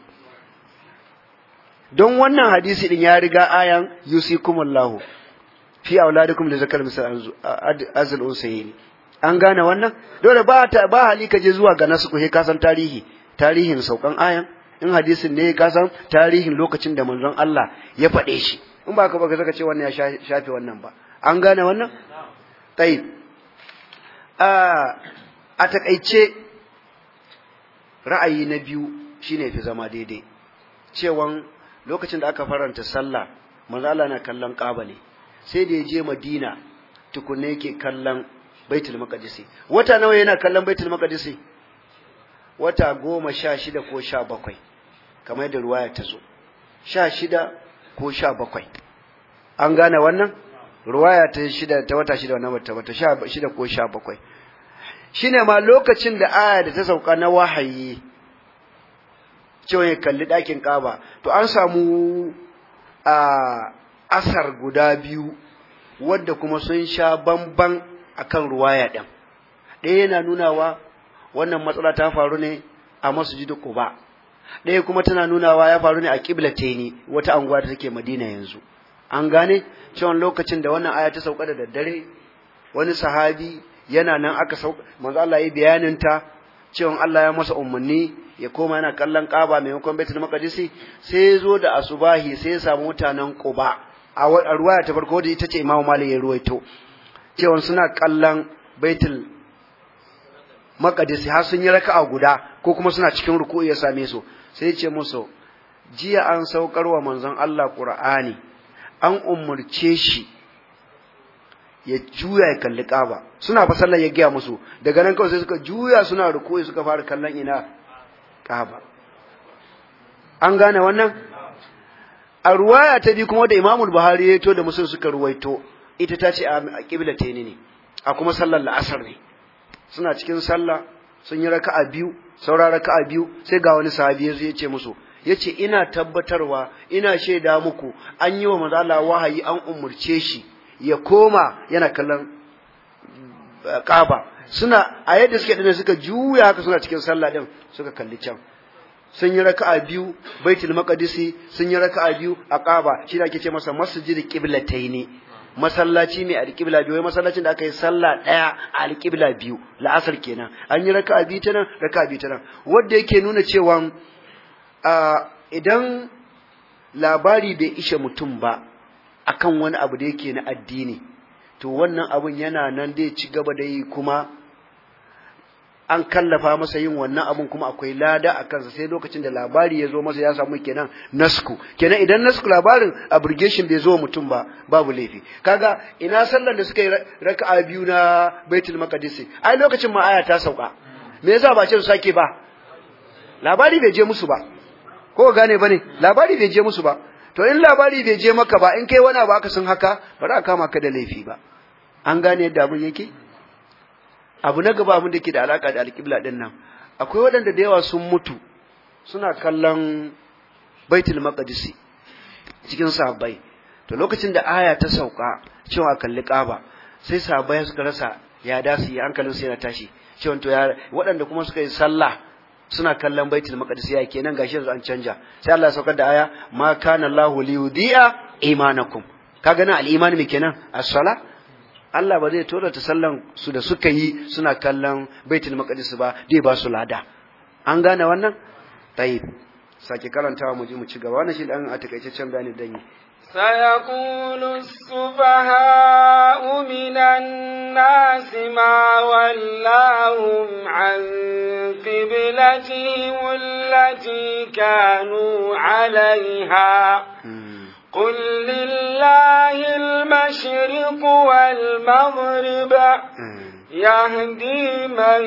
don wannan hadisi din ya riga ayan yusikumullahu fi auladikum da zakar misal azal usayn an gane wannan dole ba ta ba hali ka je zuwa ga nasu he ka san tarihi tarihin saukan ayan in hadisin ne ka san tarihin lokacin da manzon Allah ya faɗe shi in ba ka ba ka ce wannan ya shafe wannan ba an gane wannan tayyib a a takaice ra'ayi na biyu shine fi zama daidai cewan lokacin da aka faranta sallah manzo Allah na kallon Kaaba ne sai da ya je Madina tukunne yake kallon Baitul Maqdis wata nawa yana kallon Baitul Maqdis wata goma sha shida ko sha bakwai kamar da ruwaya ta zo sha shida ko sha bakwai an gane wannan ruwaya ta 6 ta wata shida wannan wata 16 shida ko sha bakwai shine ma lokacin da aya da ta sauka na wahayi cewa ya kalli ɗakin kaba to an samu a asar guda biyu wadda kuma sun sha bamban akan ruwaya ɗin ɗaya yana nunawa wannan matsala ta faru ne a masjidu uba, ɗaya kuma tana nunawa ya faru ne a ne wata anguwa da take Madina yanzu an gane cewa lokacin da wannan aya ta sauka da daddare wani sahabi yana nan aka sauka manzo Allah ya bayanin ta cewa Allah ya masa umarni ya koma yana kallon Kaaba maimakon Baitul Maqdis sai ya zo da asubahi sai ya samu mutanen Quba a ruwaya ta farko da ita ce Imam Malik ya ruwaito cewa suna kallon Baitul Maqdis har sun yi raka'a guda ko kuma suna cikin ruku'u ya same su sai ya ce musu jiya an saukar wa manzon Allah Qur'ani an umurce shi ya juya ya kalli kaba suna fa sallar ya gaya musu daga nan kawai sai suka juya suna rukuyi suka fara kallon ina kaba an gane wannan a ruwaya ta bi kuma da Imam Buhari ya to da musu suka ruwaito ita ta ce a kibla ta ne a kuma sallar la'asar ne suna cikin sallah sun yi raka'a biyu saura raka'a biyu sai ga wani sahabi ya ya ce musu yace ina tabbatarwa ina shaida muku an yi wa manzo Allah wahayi an umurce shi ya koma yana kallon eh, kaba suna a yadda suke da suka juya haka suna cikin sallah din suka kalli can sun yi raka'a biyu baitul maqdisi sun yi raka'a biyu a kaba shi da ake ce masa masjid qiblataini masallaci mai alƙibla biyu wai masallacin da aka yi sallah ɗaya a alƙibla biyu la'asar kenan an yi raka'a biyu ta nan raka'a biyu ta nan wanda yake nuna cewa ah, idan labari bai ishe mutum ba akan wani abu da yake na addini to wannan abun yana nan zai ci gaba da yi kuma an kallafa masa yin wannan abun kuma akwai lada a kansa sai lokacin da labari ya zo masa ya samu kenan nasku kenan idan nasku labarin abrogation bai zo mutum ba babu laifi kaga ina sallar da suka yi raka'a biyu na baitul maqdis ai lokacin ma aya ta sauka me yasa ba ce su sake ba labari bai je musu ba ko gane bane labari bai je musu ba to in labari bai je maka ba in kai wani abu aka sun haka ba za a kama ka da laifi ba an gane yadda abin yake abu na gaba abin da ke da alaka da alƙibla din nan akwai waɗanda da yawa sun mutu suna kallon baitul maqdisi cikin sahabbai to lokacin da aya ta sauka cewa kalli kaba sai sahabbai suka rasa ya dasi hankalin sai yana tashi cewa to ya waɗanda kuma suka yi sallah suna kallon baitul maqdis ya kenan gashi yanzu an canja sai Allah ya saukar da aya ma kana Allahu liyudhi'a imanakum kaga nan al-iman mi kenan as-sala Allah ba zai tura ta sallan su da suka yi suna kallon baitul maqdis ba dai ba su lada an gane wannan tayyib sake karantawa mu ji mu ci gaba wannan shi dan a gane bayani dan yi سيقول السفهاء من الناس ما ولاهم عن قبلتهم التي كانوا عليها قل لله المشرق والمغرب يهدي من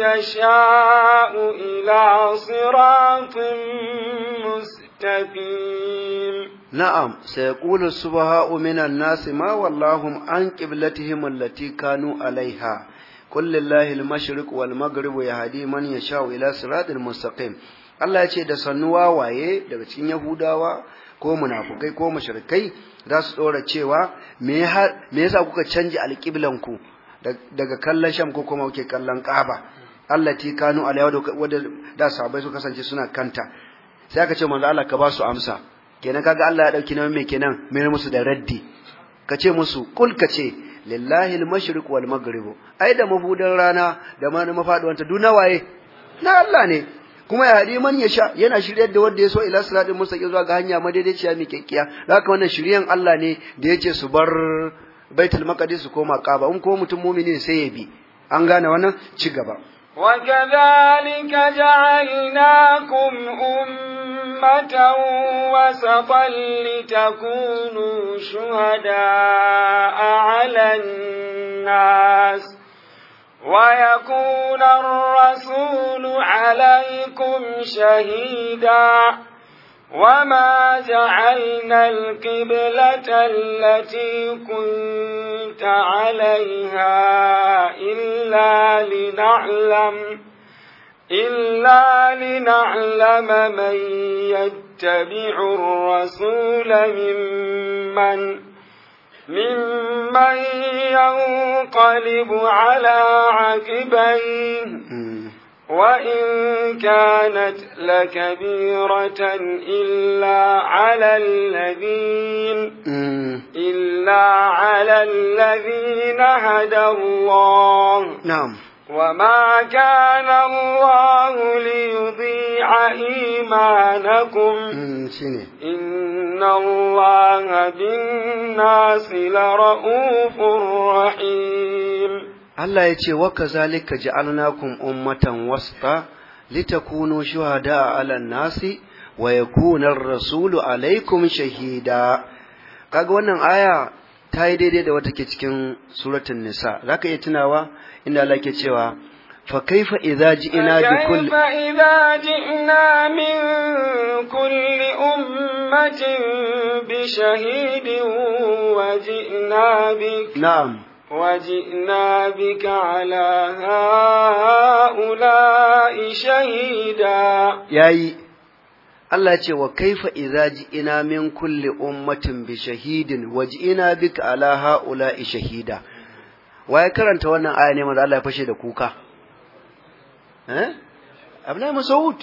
يشاء إلى صراط مستقيم مستقيم نعم سيقول السبهاء من الناس ما ولاهم عن قبلتهم التي كانوا عليها كل الله المشرق والمغرب يهدي من يشاء إلى صراط المستقيم الله ya ce da sannu wawaye daga cikin Yahudawa ko munafukai ko mushrikai za su dora cewa me me yasa kuka canji alqiblan ku daga kallon Sham ko kuma kuke kallon Kaaba allati kanu alayhi wa da sabai su kasance suna kanta sai aka ce manzo Allah ka ba su amsa kenan kaga Allah ya dauki nauyin mai kenan mai musu da raddi ka ce musu kul ka ce lillahi al-mashriq wal maghrib ai da mabudan rana da ma na ta duna waye na Allah ne kuma ya hadi man ya sha yana shiryar da wanda ya so ila siratin mustaqim zuwa ga hanya madaidaiciya mai kekkiya haka wannan shiryan Allah ne da yace su bar baitul maqdis su koma kaba in ko mutum mu'mini sai ya bi an gane wannan ci gaba وكذلك جعلناكم أمة وسطا لتكونوا شهداء على الناس ويكون الرسول عليكم شهيداً وما جعلنا القبلة التي كنت عليها إلا لنعلم إلا لنعلم من يتبع الرسول ممن ممن ينقلب على عقبيه وإن كانت لكبيرة إلا على الذين إلا على الذين هدى الله نعم وما كان الله ليضيع إيمانكم إن الله بالناس لرؤوف رحيم Allah ya ce, Waka zalika ja'alnakum ummatan wasta litakunu shuhada ala nasi wa yakuna ar-rasulu alaikum shahida. Kaga wannan aya ta yi daidai da wata ke cikin suratun nisa. Zaka iya tunawa inda Allah ke cewa فكيف إذا جئنا بكل فكيف جئنا من كل أمة بشهيد وجئنا بك نعم وجئنا بك على هؤلاء شهيدا ياي Allah ce wa kaifa جئنا من min أمة ummatin وجئنا بك على bika شهيدا waye karanta wannan aya ne manzo Allah ya fashe da kuka eh Abdullahi Mas'ud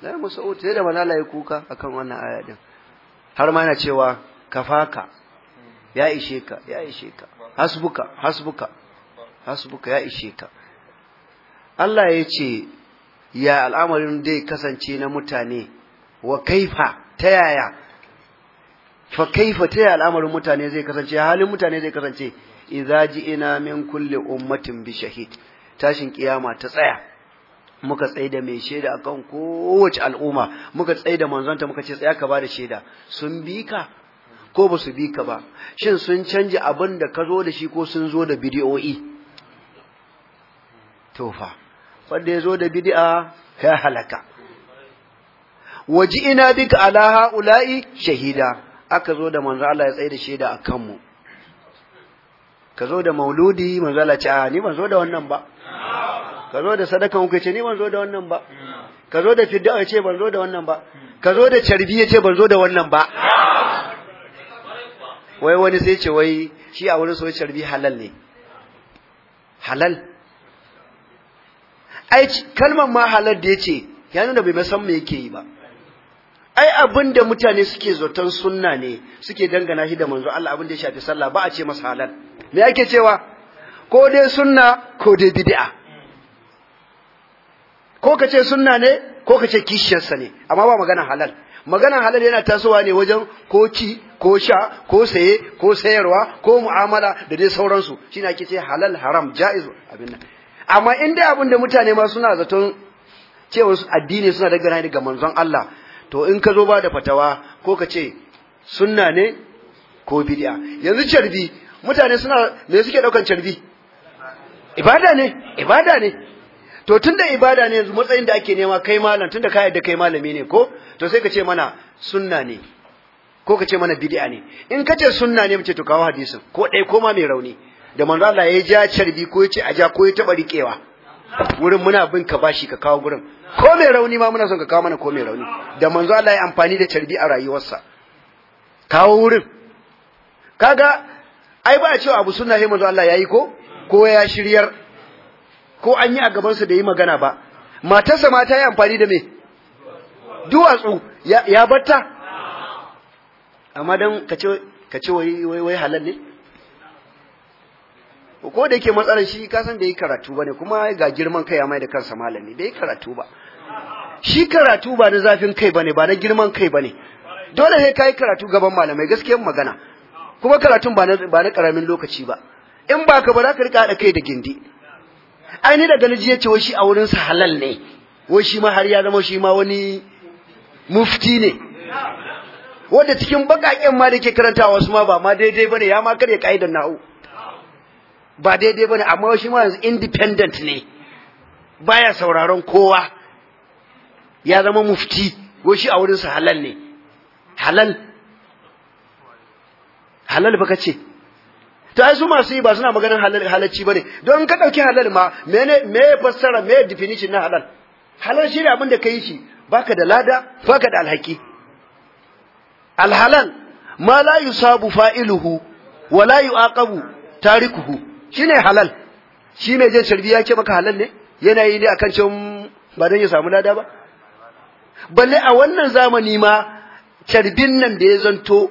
Abdullahi Mas'ud sai da manzo Allah ya kuka akan wannan aya din har ma yana cewa kafaka ya ishe ka ya ishe ka hasbuka hasbuka hasbuka ya ishe ka Allah ya ce ya al'amarin dai kasance na mutane wa kaifa ta yaya fa kaifa ta yaya al'amarin mutane zai kasance halin mutane zai kasance idza ji'ina min kulli ummatin bi shahid tashin kiyama ta tsaya muka tsaye da mai shaida akan kowace al'umma muka tsaye da manzonta muka ce tsaya ka bada shaida sun bi ka ko ba su bi ka ba shin sun canji abin da ka zo da shi ko sun zo da bidiyo'i to fa wanda ya zo da bid'a ya halaka waji ina bika ala haula'i shahida aka zo da manzo Allah ya tsaye da shaida akan mu ka zo da mauludi manzo Allah ce a ni ban zo da wannan ba ka zo da sadaka ku ce ni ban zo da wannan ba ka zo da fidda ce ban zo da wannan ba ka zo da carbi ce ban zo da wannan ba wai wani sai ce wai shi a wurin soyayya bi halal ne halal ai kalmar ma halal da yace ya nuna bai san me yake yi ba ai abinda mutane suke zaton sunna ne suke dangana shi da manzo Allah abin ya shafi sallah ba a ce masa halal me ake cewa ko dai sunna ko dai bid'a ko kace sunna ne ko ka ce kishiyarsa ne amma ba magana halal Maganar halal yana tasowa ne wajen ko ci ko sha ko saye ko sayarwa ko mu'amala da dai sauransu shine ake ce halal haram jaiz abin nan amma in dai abin da mutane ma suna zaton cewa addini suna daga rani ga manzon Allah to in ka zo ba da fatawa ko ka ce sunna ne ko bid'a yanzu carbi mutane suna me suke daukan carbi ibada ne ibada ne to tunda ibada ne yanzu matsayin da ake nema kai malam tunda ka yadda kai malami ne ko to sai ka ce mana sunna ne ko ka ce mana bid'a ne in ka ce sunna ne mace ce to kawo hadisin ko ɗaya ko ma mai rauni da manzo Allah ya ja carbi ko ya ce aja ko ya taba riƙewa wurin muna bin ka bashi ka kawo gurin ko mai rauni ma muna son ka kawo mana ko mai rauni da manzo Allah ya amfani da carbi a rayuwarsa kawo wurin kaga ai ba a cewa abu sunna sai manzo Allah yayi ko ko ya shiryar ko an yi a gabansa da yi magana ba matarsa ma ta yi amfani da me duwatsu ya batta amma don ka ce wai halal ne ko da yake matsalar shi kasan da yi karatu ba ne kuma ga girman kai ya mai da kansa malami da yi karatu ba shi karatu ba na zafin kai ba ne ba na girman kai ba ne dole sai ka yi karatu gaban malamai gaskiyar magana kuma karatun ba na karamin lokaci ba in ba ka ba za ka rika haɗa kai da gindi Aini da daga ya ce wai shi a wurin sa halal ne wai shi ma har ya zama shi ma wani mufti ne wanda cikin bakaƙen ma da ke karanta wasu ma ba ma daidai bane ya ma karya kaidar na'u ba daidai bane amma shi ma yanzu independent ne baya sauraron kowa ya zama mufti wai shi a wurin sa halal ne halal halal baka ce ta su masu yi ba suna maganar halarci ba bane don ka ɗauki halal ma mene me fassara me definition na halal halal shi ne abin da ka yi shi baka da lada baka da alhaki alhalal ma la yusabu fa'iluhu wa la yu'aqabu tarikuhu shine halal shi mai jin sharbi ya ce maka halal ne yana yi ne akan can mm, ba dan ya samu lada ba balle a wannan zamani ma carbin nan da ya zanto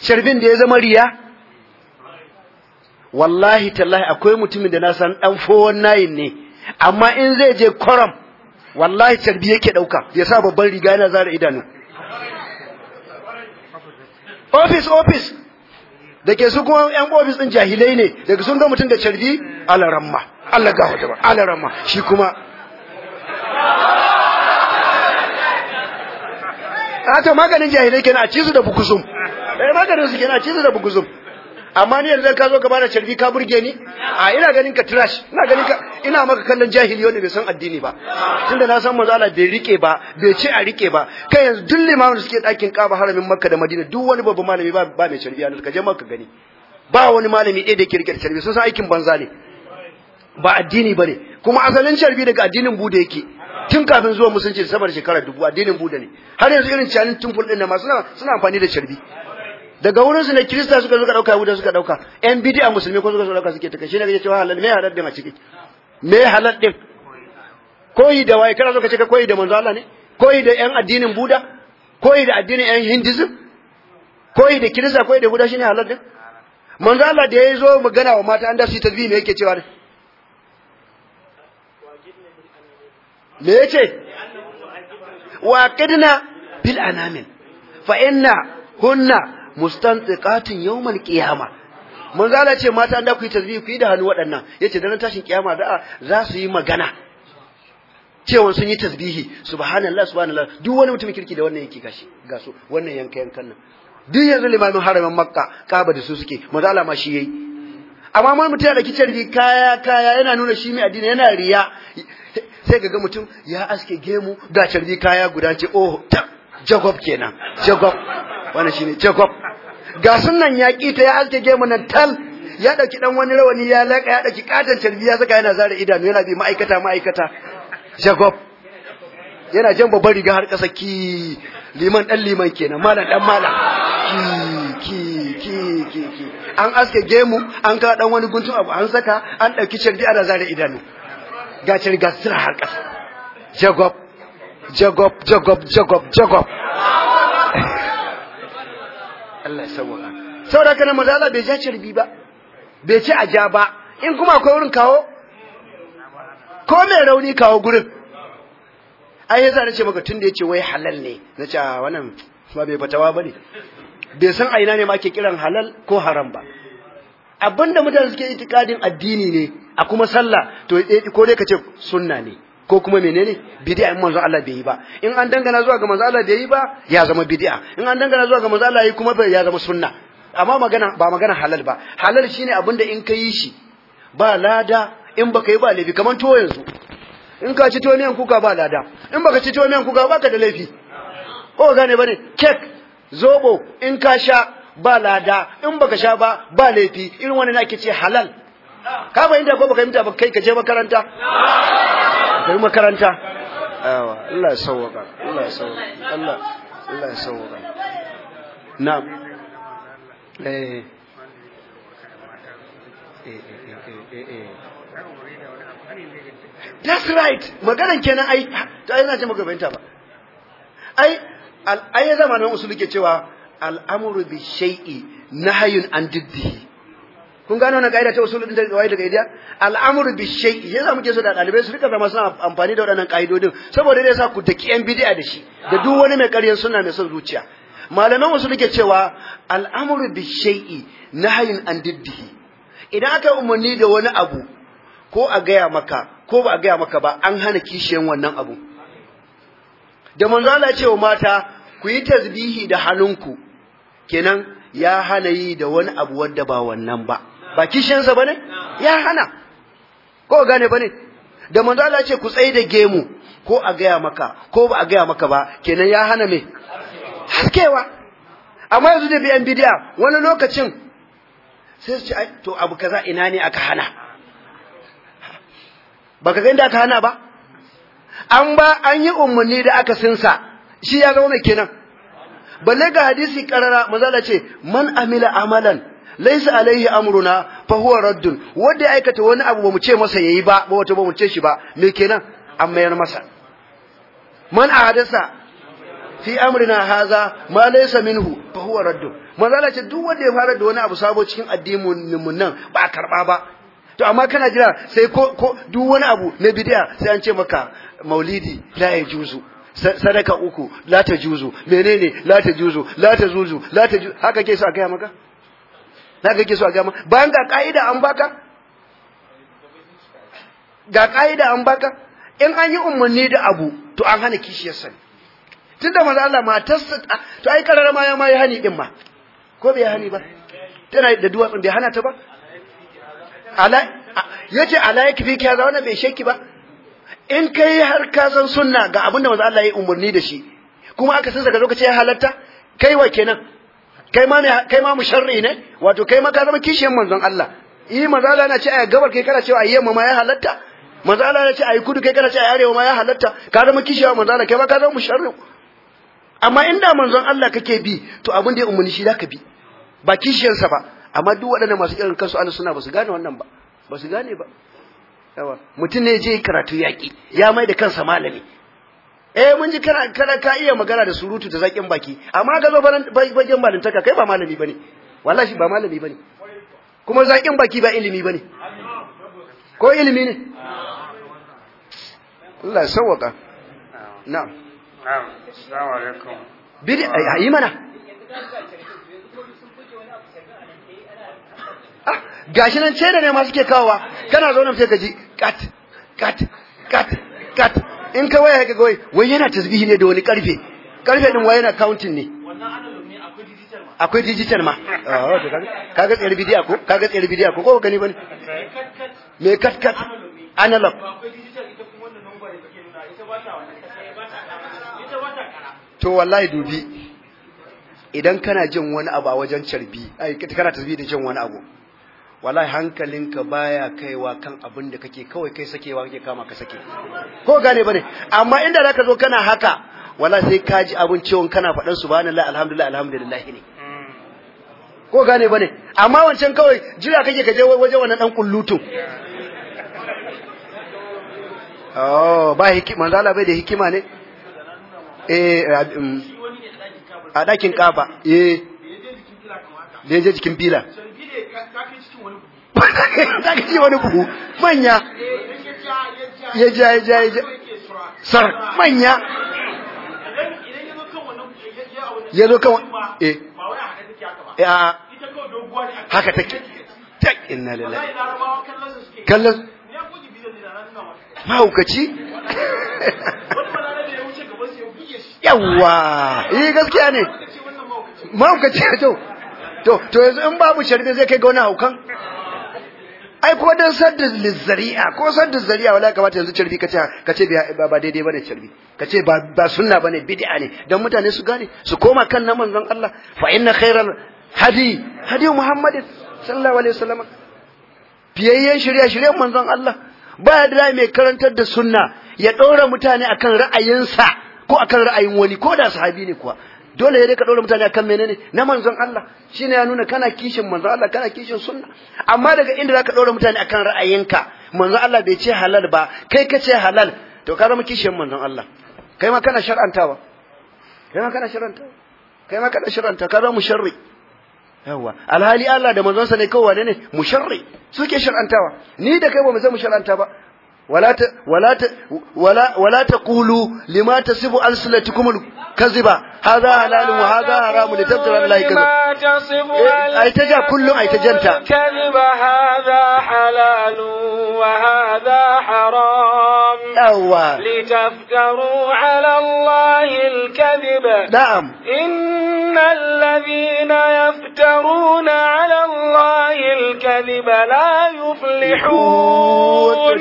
sharbin da ya zama riya wallahi tallahi akwai mutumin da na san dan fowon nayin ne amma in zai je koram wallahi carbi yake dauka ya sa babban riga yana zara idanu office office da ke su kuma yan office din jahilai ne daga sun ga mutum da carbi alaramma Allah ga hujja alaramma shi kuma Ata maganin jahilai kenan a ci su da bukusum eh maganin su kenan cizo da buguzum amma ni yanzu ka zo ka bada carbi ka burge ni a ina ganin ka trash ina ganin ka ina maka kallon jahili wanda bai san addini ba tunda na san manzo Allah bai rike ba bai ce a rike ba kai yanzu duk limamu da suke dakin Kaaba haramin Makka da Madina duk wani babban malami ba ba mai carbi ka je maka gani ba wani malami ɗaya da yake rike carbi sun san aikin banza ne ba addini bane kuma asalin carbi daga addinin Buda yake tun kafin zuwa musulunci saboda shekara dubu addinin Buda ne har yanzu irin canin tumful din nan ma suna amfani da charbi daga wurin su ne kirista suka suka dauka yahuda suka dauka yan bid'a musulmi ko suka suka dauka suke take shi ne kace cewa halal me halal din a ciki me halal din koyi da waye kana suka ce ka koyi da manzo Allah ne koyi da yan addinin buda koyi da addinin yan hinduism koyi da kirista koyi da buda shine halal din manzo Allah da ya zo magana wa mata an da su tazbi me yake cewa me yace waqidna bil anamin fa inna hunna mustanqatin yawmal qiyama mun zala ce mata da ku yi tasbih ku yi da hannu waɗannan yace dan tashin kiyama za za su yi magana cewa sun yi tasbihi subhanallahi subhanallahi duk wani mutumin kirki da wannan yake gashi ga su wannan yanka yankan nan duk yanzu limamin haramin makka kaba da su suke manzo Allah ma shi yayi amma mun mutum da kicin kaya kaya yana nuna shi mai addini yana riya sai ga mutum ya aske gemu ga carbi kaya guda ce oh ta jagob kenan jagob wannan shine jagob ga sunan yaki ta ya aske mu nan tal ya dauki dan wani rawani ya laka ya dauki katan tarbiya saka yana zara idanu yana bi ma'aikata ma'aikata jagob yana jan babbar riga har kasa ki liman dan liman kenan malam dan malam ki ki ki ki an aske gemu an ka dan wani guntun abu an saka an dauki tarbiya ana zara idanu ga tarbiya har kasa jagob jagob jagob jagob jagob Allah ya sauwaka saboda kana mazala bai ja carbi ba bai ci a ja ba in kuma akwai wurin kawo ko mai rauni kawo gurin ai yasa nace maka tun da yace wai halal ne nace a ah, wannan ba bai fatawa bane bai san a ina ne ma ake kiran halal ko haram ba abinda mutane suke itikadin addini ne a kuma sallah to eh, ko dai kace sunna ne ko kuma menene bid'a in manzo Allah bai yi ba in an dangana zuwa ga manzo Allah bai yi ba ya zama bid'a in an dangana zuwa ga manzo Allah yi kuma bai ya zama sunna amma magana ba magana halal ba halal shine abinda in ka yi shi ba lada in baka yi ba laifi kaman to yanzu in ka ci tuwo miyan kuka ba lada in baka ci tuwo miyan kuka ba ka da laifi ko gane bane kek zobo in ka sha ba lada in baka sha ba ba laifi irin wannan ake ce halal ka fahimta ko baka fahimta ba kai ka je makaranta ka yi makaranta yawa Allah ya sauwaka Allah ya sauwaka Allah Allah ya sauwaka na'am eh, eh, eh, eh That's right. Maganan kenan ai to ai na ce maka bayanta ba. Ai ayyaza zamanin usul ke cewa amru bi shay'i nahyun an diddihi. kun gano na kaida ta da qawaid daga idiya al'amru bi shay'i zamu muke so da dalibai su rika zama suna amfani da waɗannan kaidodin saboda dai sa ku daki yan bid'a da shi da duk wani mai ƙaryar suna mai son zuciya malaman wasu suke cewa al'amru bi shay'i nahyin an diddihi idan aka umarni da wani abu ko a gaya maka ko ba a gaya maka ba an hana kishiyan wannan abu da manzo Allah ya ce wa mata ku yi tasbihi da hannunku kenan ya hana yi da wani abu wadda ba wannan ba ba kishiyansa ba ne ya hana ko gane ba ne da manzo Allah ce ku tsaye da gemu ko a gaya maka ko ba a gaya maka ba kenan ya hana me haskewa amma yanzu da biyan bidiya wani lokacin sai su ce ai to abu kaza ina ne aka hana Ba ka inda aka hana ba an ba an yi umarni da aka sinsa shi ya zama mai kenan balle ga hadisi karara manzo Allah ce man amila amalan Laisa alaihi amruna fa huwa raddun wanda aikata wani abu ba mu ce masa yayi ba ba wato bamu ce shi ba me kenan an mayar masa man ahadasa fi amrina haza ma laysa minhu fa huwa raddun manzala ce duk wanda ya fara da wani abu sabo cikin addinin mun nan ba karba ba to amma kana jira sai ko ko duk wani abu na bid'a sai an ce maka maulidi la juzu sadaka uku la ta juzu menene la ta juzu la ta juzu la ta juzu haka ke so a gaya maka na kake so a gama bayan ga ka'ida an baka ga ka'ida an baka in an yi umarni da abu to an hana kishiyar sani tun da maza Allah matarsa to ai karara ma ya ma ya hani din ma ko bai hani ba tana da duwatsun bai hana ta ba ala ce ala yake fi kaza wannan bai shaki ba in kai har ka san sunna ga abin da Allah ya umarni da shi kuma aka san daga lokacin ya halatta kai wa kenan kai ma ne kai ma musharri ne wato kai ma ka zama kishiyar manzon Allah yi maza Allah yana ce a gabar kai kana cewa ayyama ma ya halatta maza Allah yana ce yi kudu kai kana cewa yarewa ma ya halatta ka zama kishiyar manzon Allah kai ma ka zama musharri amma inda manzon Allah kake bi to abin da ya umarni shi zaka bi ba kishiyarsa ba amma duk waɗannan masu irin kansu Allah suna ba su gane wannan ba ba su gane ba yawa mutum ne je karatu yaƙi ya mai da kansa malami eh mun ji kana kana ka iya magana da surutu da zakin baki amma ka zo bakin malintaka kai ba malami bane wallahi ba malami bane kuma zakin baki ba ilimi bane ko ilimi ne Allah ya sawaka na'am na'am assalamu alaikum bidi yi mana ah, gashi nan ce da ne ma suke kawowa kana zo nan sai ka ji kat kat kat kat in ka waya ka ga wai yana tasbihi ne da wani karfe karfe din wai yana counting ne akwai digital ma ah, oh, kaga tsayar bidiya ko kaga tsayar bidiya ko ko gani bane me katkat analog to wallahi dubi idan kana jin wani abu a wajen carbi ai kana tasbihi da jin wani abu wallahi hankalinka baya kaiwa kan abin da kake kawai kai sakewa kake kama ka sake ko gane bane amma inda zaka zo kana haka wallahi sai kaji abun abin ciwon kana faɗan subhanallahi alhamdulillah alhamdulillah ne ko gane bane amma wancan kawai jira kake kaje waje wannan dan kullutun oh ba hikima manzo bai da hikima ne eh a dakin mm. kaba eh da je jikin fila za ka wani buhu manya ya ja ya ja ya ja sar manya ya zo kan eh ya haka take tak inna lillahi kallon mahaukaci yawa eh gaskiya ne mahaukaci to to yanzu in babu sharbi zai kai ga wani haukan ai kuma dan sadda lizzari'a ko sadda zari'a wala kamata yanzu carbi kace kace ba daidai bane carbi kace ba ba sunna bane bid'a ne dan mutane su gane su koma kan na manzon Allah fa inna khairal hadi hadi Muhammad sallallahu alaihi wasallam biyayyen shari'a shari'ar manzon Allah ba ya da mai karantar da sunna ya ɗora mutane akan ra'ayinsa ko akan ra'ayin wani ko da sahabi ne kuwa dole ne ka dole mutane akan menene na manzon Allah shine ya nuna kana kishin manzon Allah kana kishin sunna amma daga inda zaka dole mutane akan ra'ayinka manzon Allah bai ce halal ba kai ka ce halal to ka zama kishin manzon Allah kai ma kana shar'antawa kai ma kana shar'antawa kai ma kana shar'anta ka zama musharri yawa alhali Allah da manzon sa ne kowa ne musharri suke shar'antawa ni da kai ba mu zama musharranta ba wala wala wala wala taqulu lima tasibu alsinatukum alkaziba hadha halal wa hadha haram litabtara allahi kaza ai taja kullu ai tajanta kaziba hadha halal wa hadha haram awwa litaftaru ala allahi alkaziba na'am yaftaruna الكذب لا يفلحون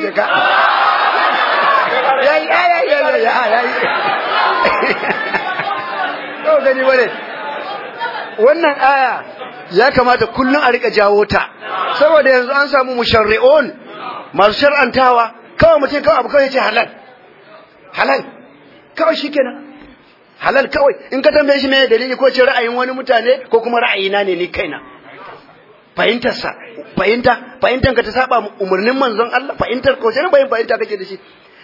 يا يا يا يا يا wannan aya ya kamata kullum a rika jawo ta saboda yanzu an samu musharri'un masu shar'antawa kawai mutum kawai abu kawai ce halal halal kawai shikenan halal kawai in ka tambaye shi me dalili ko ce ra'ayin wani mutane ko kuma ra'ayina ne ni kaina fahimtarsa fahimta fahimtar ka ta saba umarnin manzon Allah fahimtar ko sai bayin fahimta kake da shi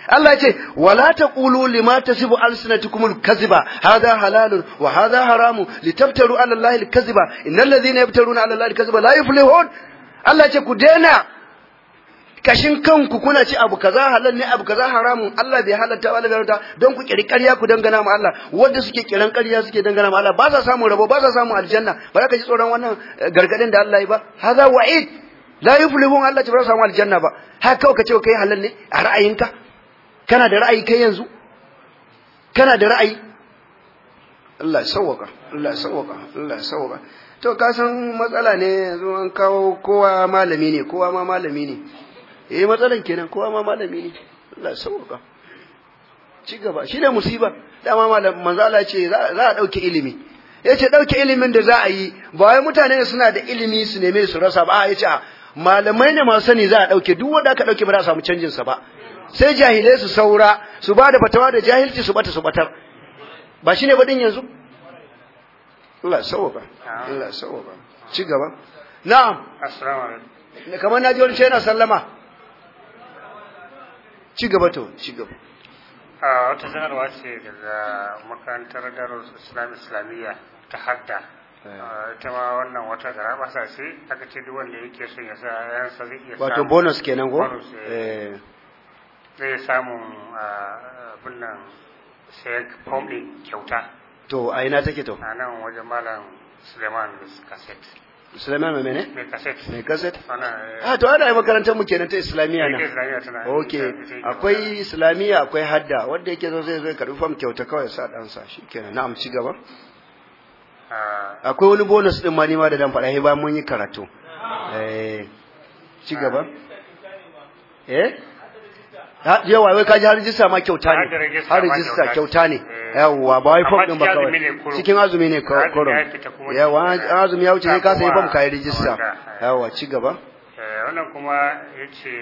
Allah ce wala taqulu lima tasibu alsinatukum alkaziba hadha halalun wa hadha haramun litaftaru ala allahi alkaziba innal ladhina yaftaruna ala allahi alkaziba la yuflihun Allah ce ku daina kashin kanku kuna ci abu kaza halal ne abu kaza haramun Allah bai halatta wala bai don ku kiri ƙarya ku dangana ma Allah wanda suke kiran ƙarya suke dangana ma Allah ba sa samun rabo ba sa samun aljanna ba za ka ji tsoron wannan eh, gargadin da Allah ya ba haza wa'id la yuflihun Allah ta ba samu aljanna ba haka kawai ka ce kai halal ne a ra'ayinka kana da ra'ayi kai yanzu kana da ra'ayi Allah ya sauwaka Allah ya sauwaka Allah ya sauwaka to ka san matsala ne yanzu an kawo kowa malami ne kowa ma malami ne eh matsalan kenan kowa ma malami ne Allah sauka ci gaba shine musiba dama malam manzo Allah ce za a dauke ilimi yace dauke ilimin da za a yi ba wai mutane suna da ilimi su neme su rasa ba yace malamai ne masu sani za a dauke duk wanda aka dauke ba za a samu canjin sa ba sai jahilai su saura su ba da fatawa da jahilci su bata su batar ba shine ba din yanzu Allah sauka Allah sauka ci gaba na'am assalamu alaikum kamar naji wani ce yana sallama ci gaba to ci gaba a wata sanarwa ce daga makarantar darus islam islamiyya ta hadda eh. ita ma wannan wata da rabasa ce aka ce duk wanda yake son ya sa yansa zai iya wato bonus kenan ko eh. Eh. zai samu abin nan sai fom kyauta to a ina take to a nan wajen malam suleiman kaset Islamiyya mai mene? Mai kaset. Mai kaset? Ah, eh. ah, to ana yi makarantar mu kenan ta Islamiyya na. Okay. Akwai Islamiyya akwai hadda wanda yake zo zai zo ya karbi fam kyauta kawai sa dan sa shikenan. Na'am ci gaba. Ah. Akwai wani bonus din ma ni ma da dan faɗa sai bayan mun yi karatu. Ah. Eh. Ci gaba. Eh? Yawa wai kaji har rijista ma kyauta ne. Har rijista kyauta ne. Eh. yawwa ba wai fom din ba kawai cikin azumi ne kurum yawwa azumi ya wuce ne kasa yi fom kayi rijista yawwa ci gaba eh, wannan kuma ce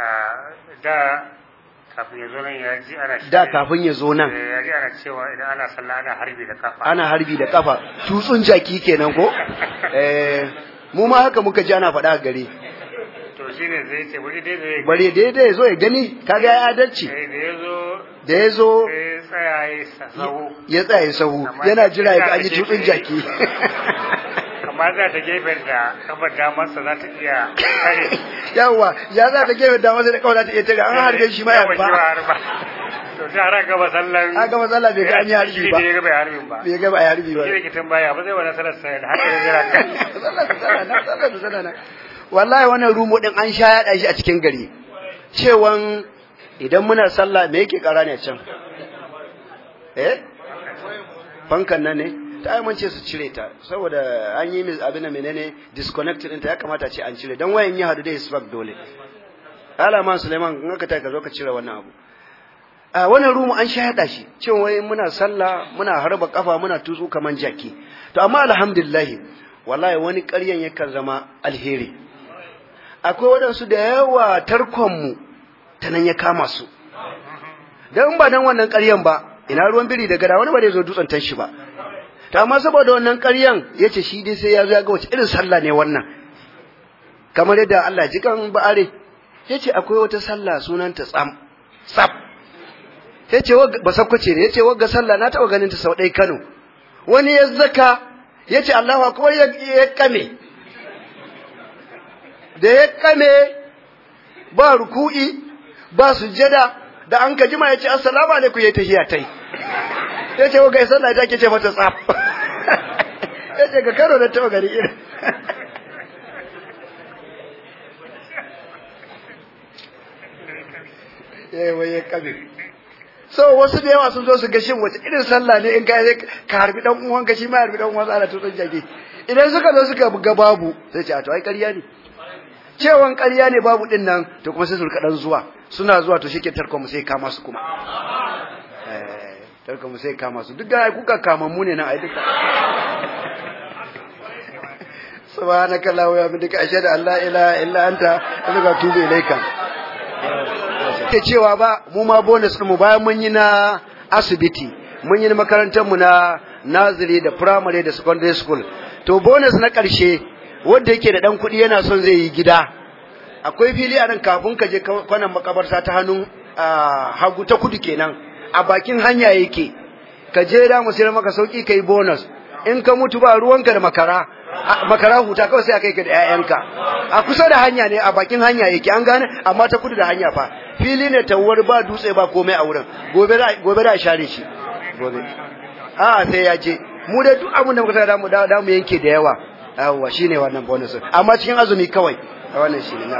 ah, da kafin ya zo nan ya ji ana da kafin ya zo nan eh, ya ji ana cewa idan ana sallah ana harbi da kafa ana harbi da kafa tutsun jaki kenan ko eh mu ma haka muka ji ana faɗa gare to shine zai ce bari daidai bari daidai zo ya gani kaga ya adalci eh da ya zo da ya zo eh, ya tsaye sahu yana jira ya an yi jaki amma za ta gefen da kafar damarsa za ta iya kare yawa ya za ta gefen damarsa da kawai za ta iya tare an eh, harbe shi ma ya ba a gaba sallan bai ga ya harbi ba bai gaba ya harbi ba ba zai wani haka kan wallahi wannan rumo din an sha yaɗa shi a cikin gari cewan idan muna sallah me yake kara ne can eh fankan nan ne ta ai mun ce su cire ta saboda an yi abin da menene disconnected ɗinta ya kamata ce an cire don wayan ya hadu da isbak dole alaman suleiman in aka ta ka zo ka cire wannan abu a wannan rumu an sha hada shi cewa wai muna sallah muna harba kafa muna tutsu kaman jaki to amma alhamdulillah wallahi wani ƙaryan yakan zama alheri akwai wadansu da yawa tarkon mu ta nan ya kama su dan in ba dan wannan ƙaryan ba ina ruwan biri da wani ba zai zo dutsen tan shi ba ta amma saboda wannan ƙaryan yace shi dai sai ya zo ya ga wace irin sallah ne wannan kamar yadda Allah kan ba'are yace akwai wata sallah sunanta tsam tsaf yace ba ce ne yace wagga sallah na taɓa ganin ta sau dai Kano wani ya zaka yace Allahu akbar ya kame da ya kame ba ruku'i ba sujjada da an ka jima ya ce assalamu alaikum ya tahiya tai ya ce ga na ta ke ce mata tsaf ya ce ga karo da tawa gari irin yayi waye kabir so wasu da yawa sun zo su gashin wace irin sallah ne in ka ka harbi dan uwan gashi ma harbi dan uwan tsara tutsun jage idan suka zo suka ga babu sai ce a to ai ƙarya ne cewan ƙarya ne babu din nan to kuma sai su rika dan zuwa suna zuwa to shi ke mu sai kama su kuma eh, tarkon sai kama su duk gaya kuka kama mu ne na ai duka subhanaka la wa bihamdika ashhadu an la ilaha illa anta astaghfiruka wa atubu ilaika ke cewa ba mu ma bonus mu bayan mun yi na asibiti mun yi na makarantar mu na naziri da primary da secondary school to bonus na karshe wanda yake da dan kuɗi yana son zai yi gida akwai fili a nan kafin ka je kwanan makabarta ta hannun hagu ta kudu kenan a bakin hanya yake ka je da mu sai maka sauki kai bonus in ka mutu ba ruwanka da makara makara huta kawai sai a kai ka da ƴaƴanka a kusa da hanya ne a bakin hanya yake an gane amma ta kudu da hanya fa fili ne tawwar ba dutse ba komai a wurin gobe da gobe da share shi gobe a sai ya je mu da duk abin da muka da mu da mu yanke da yawa yawa shine wannan bonus amma cikin azumi kawai wannan shine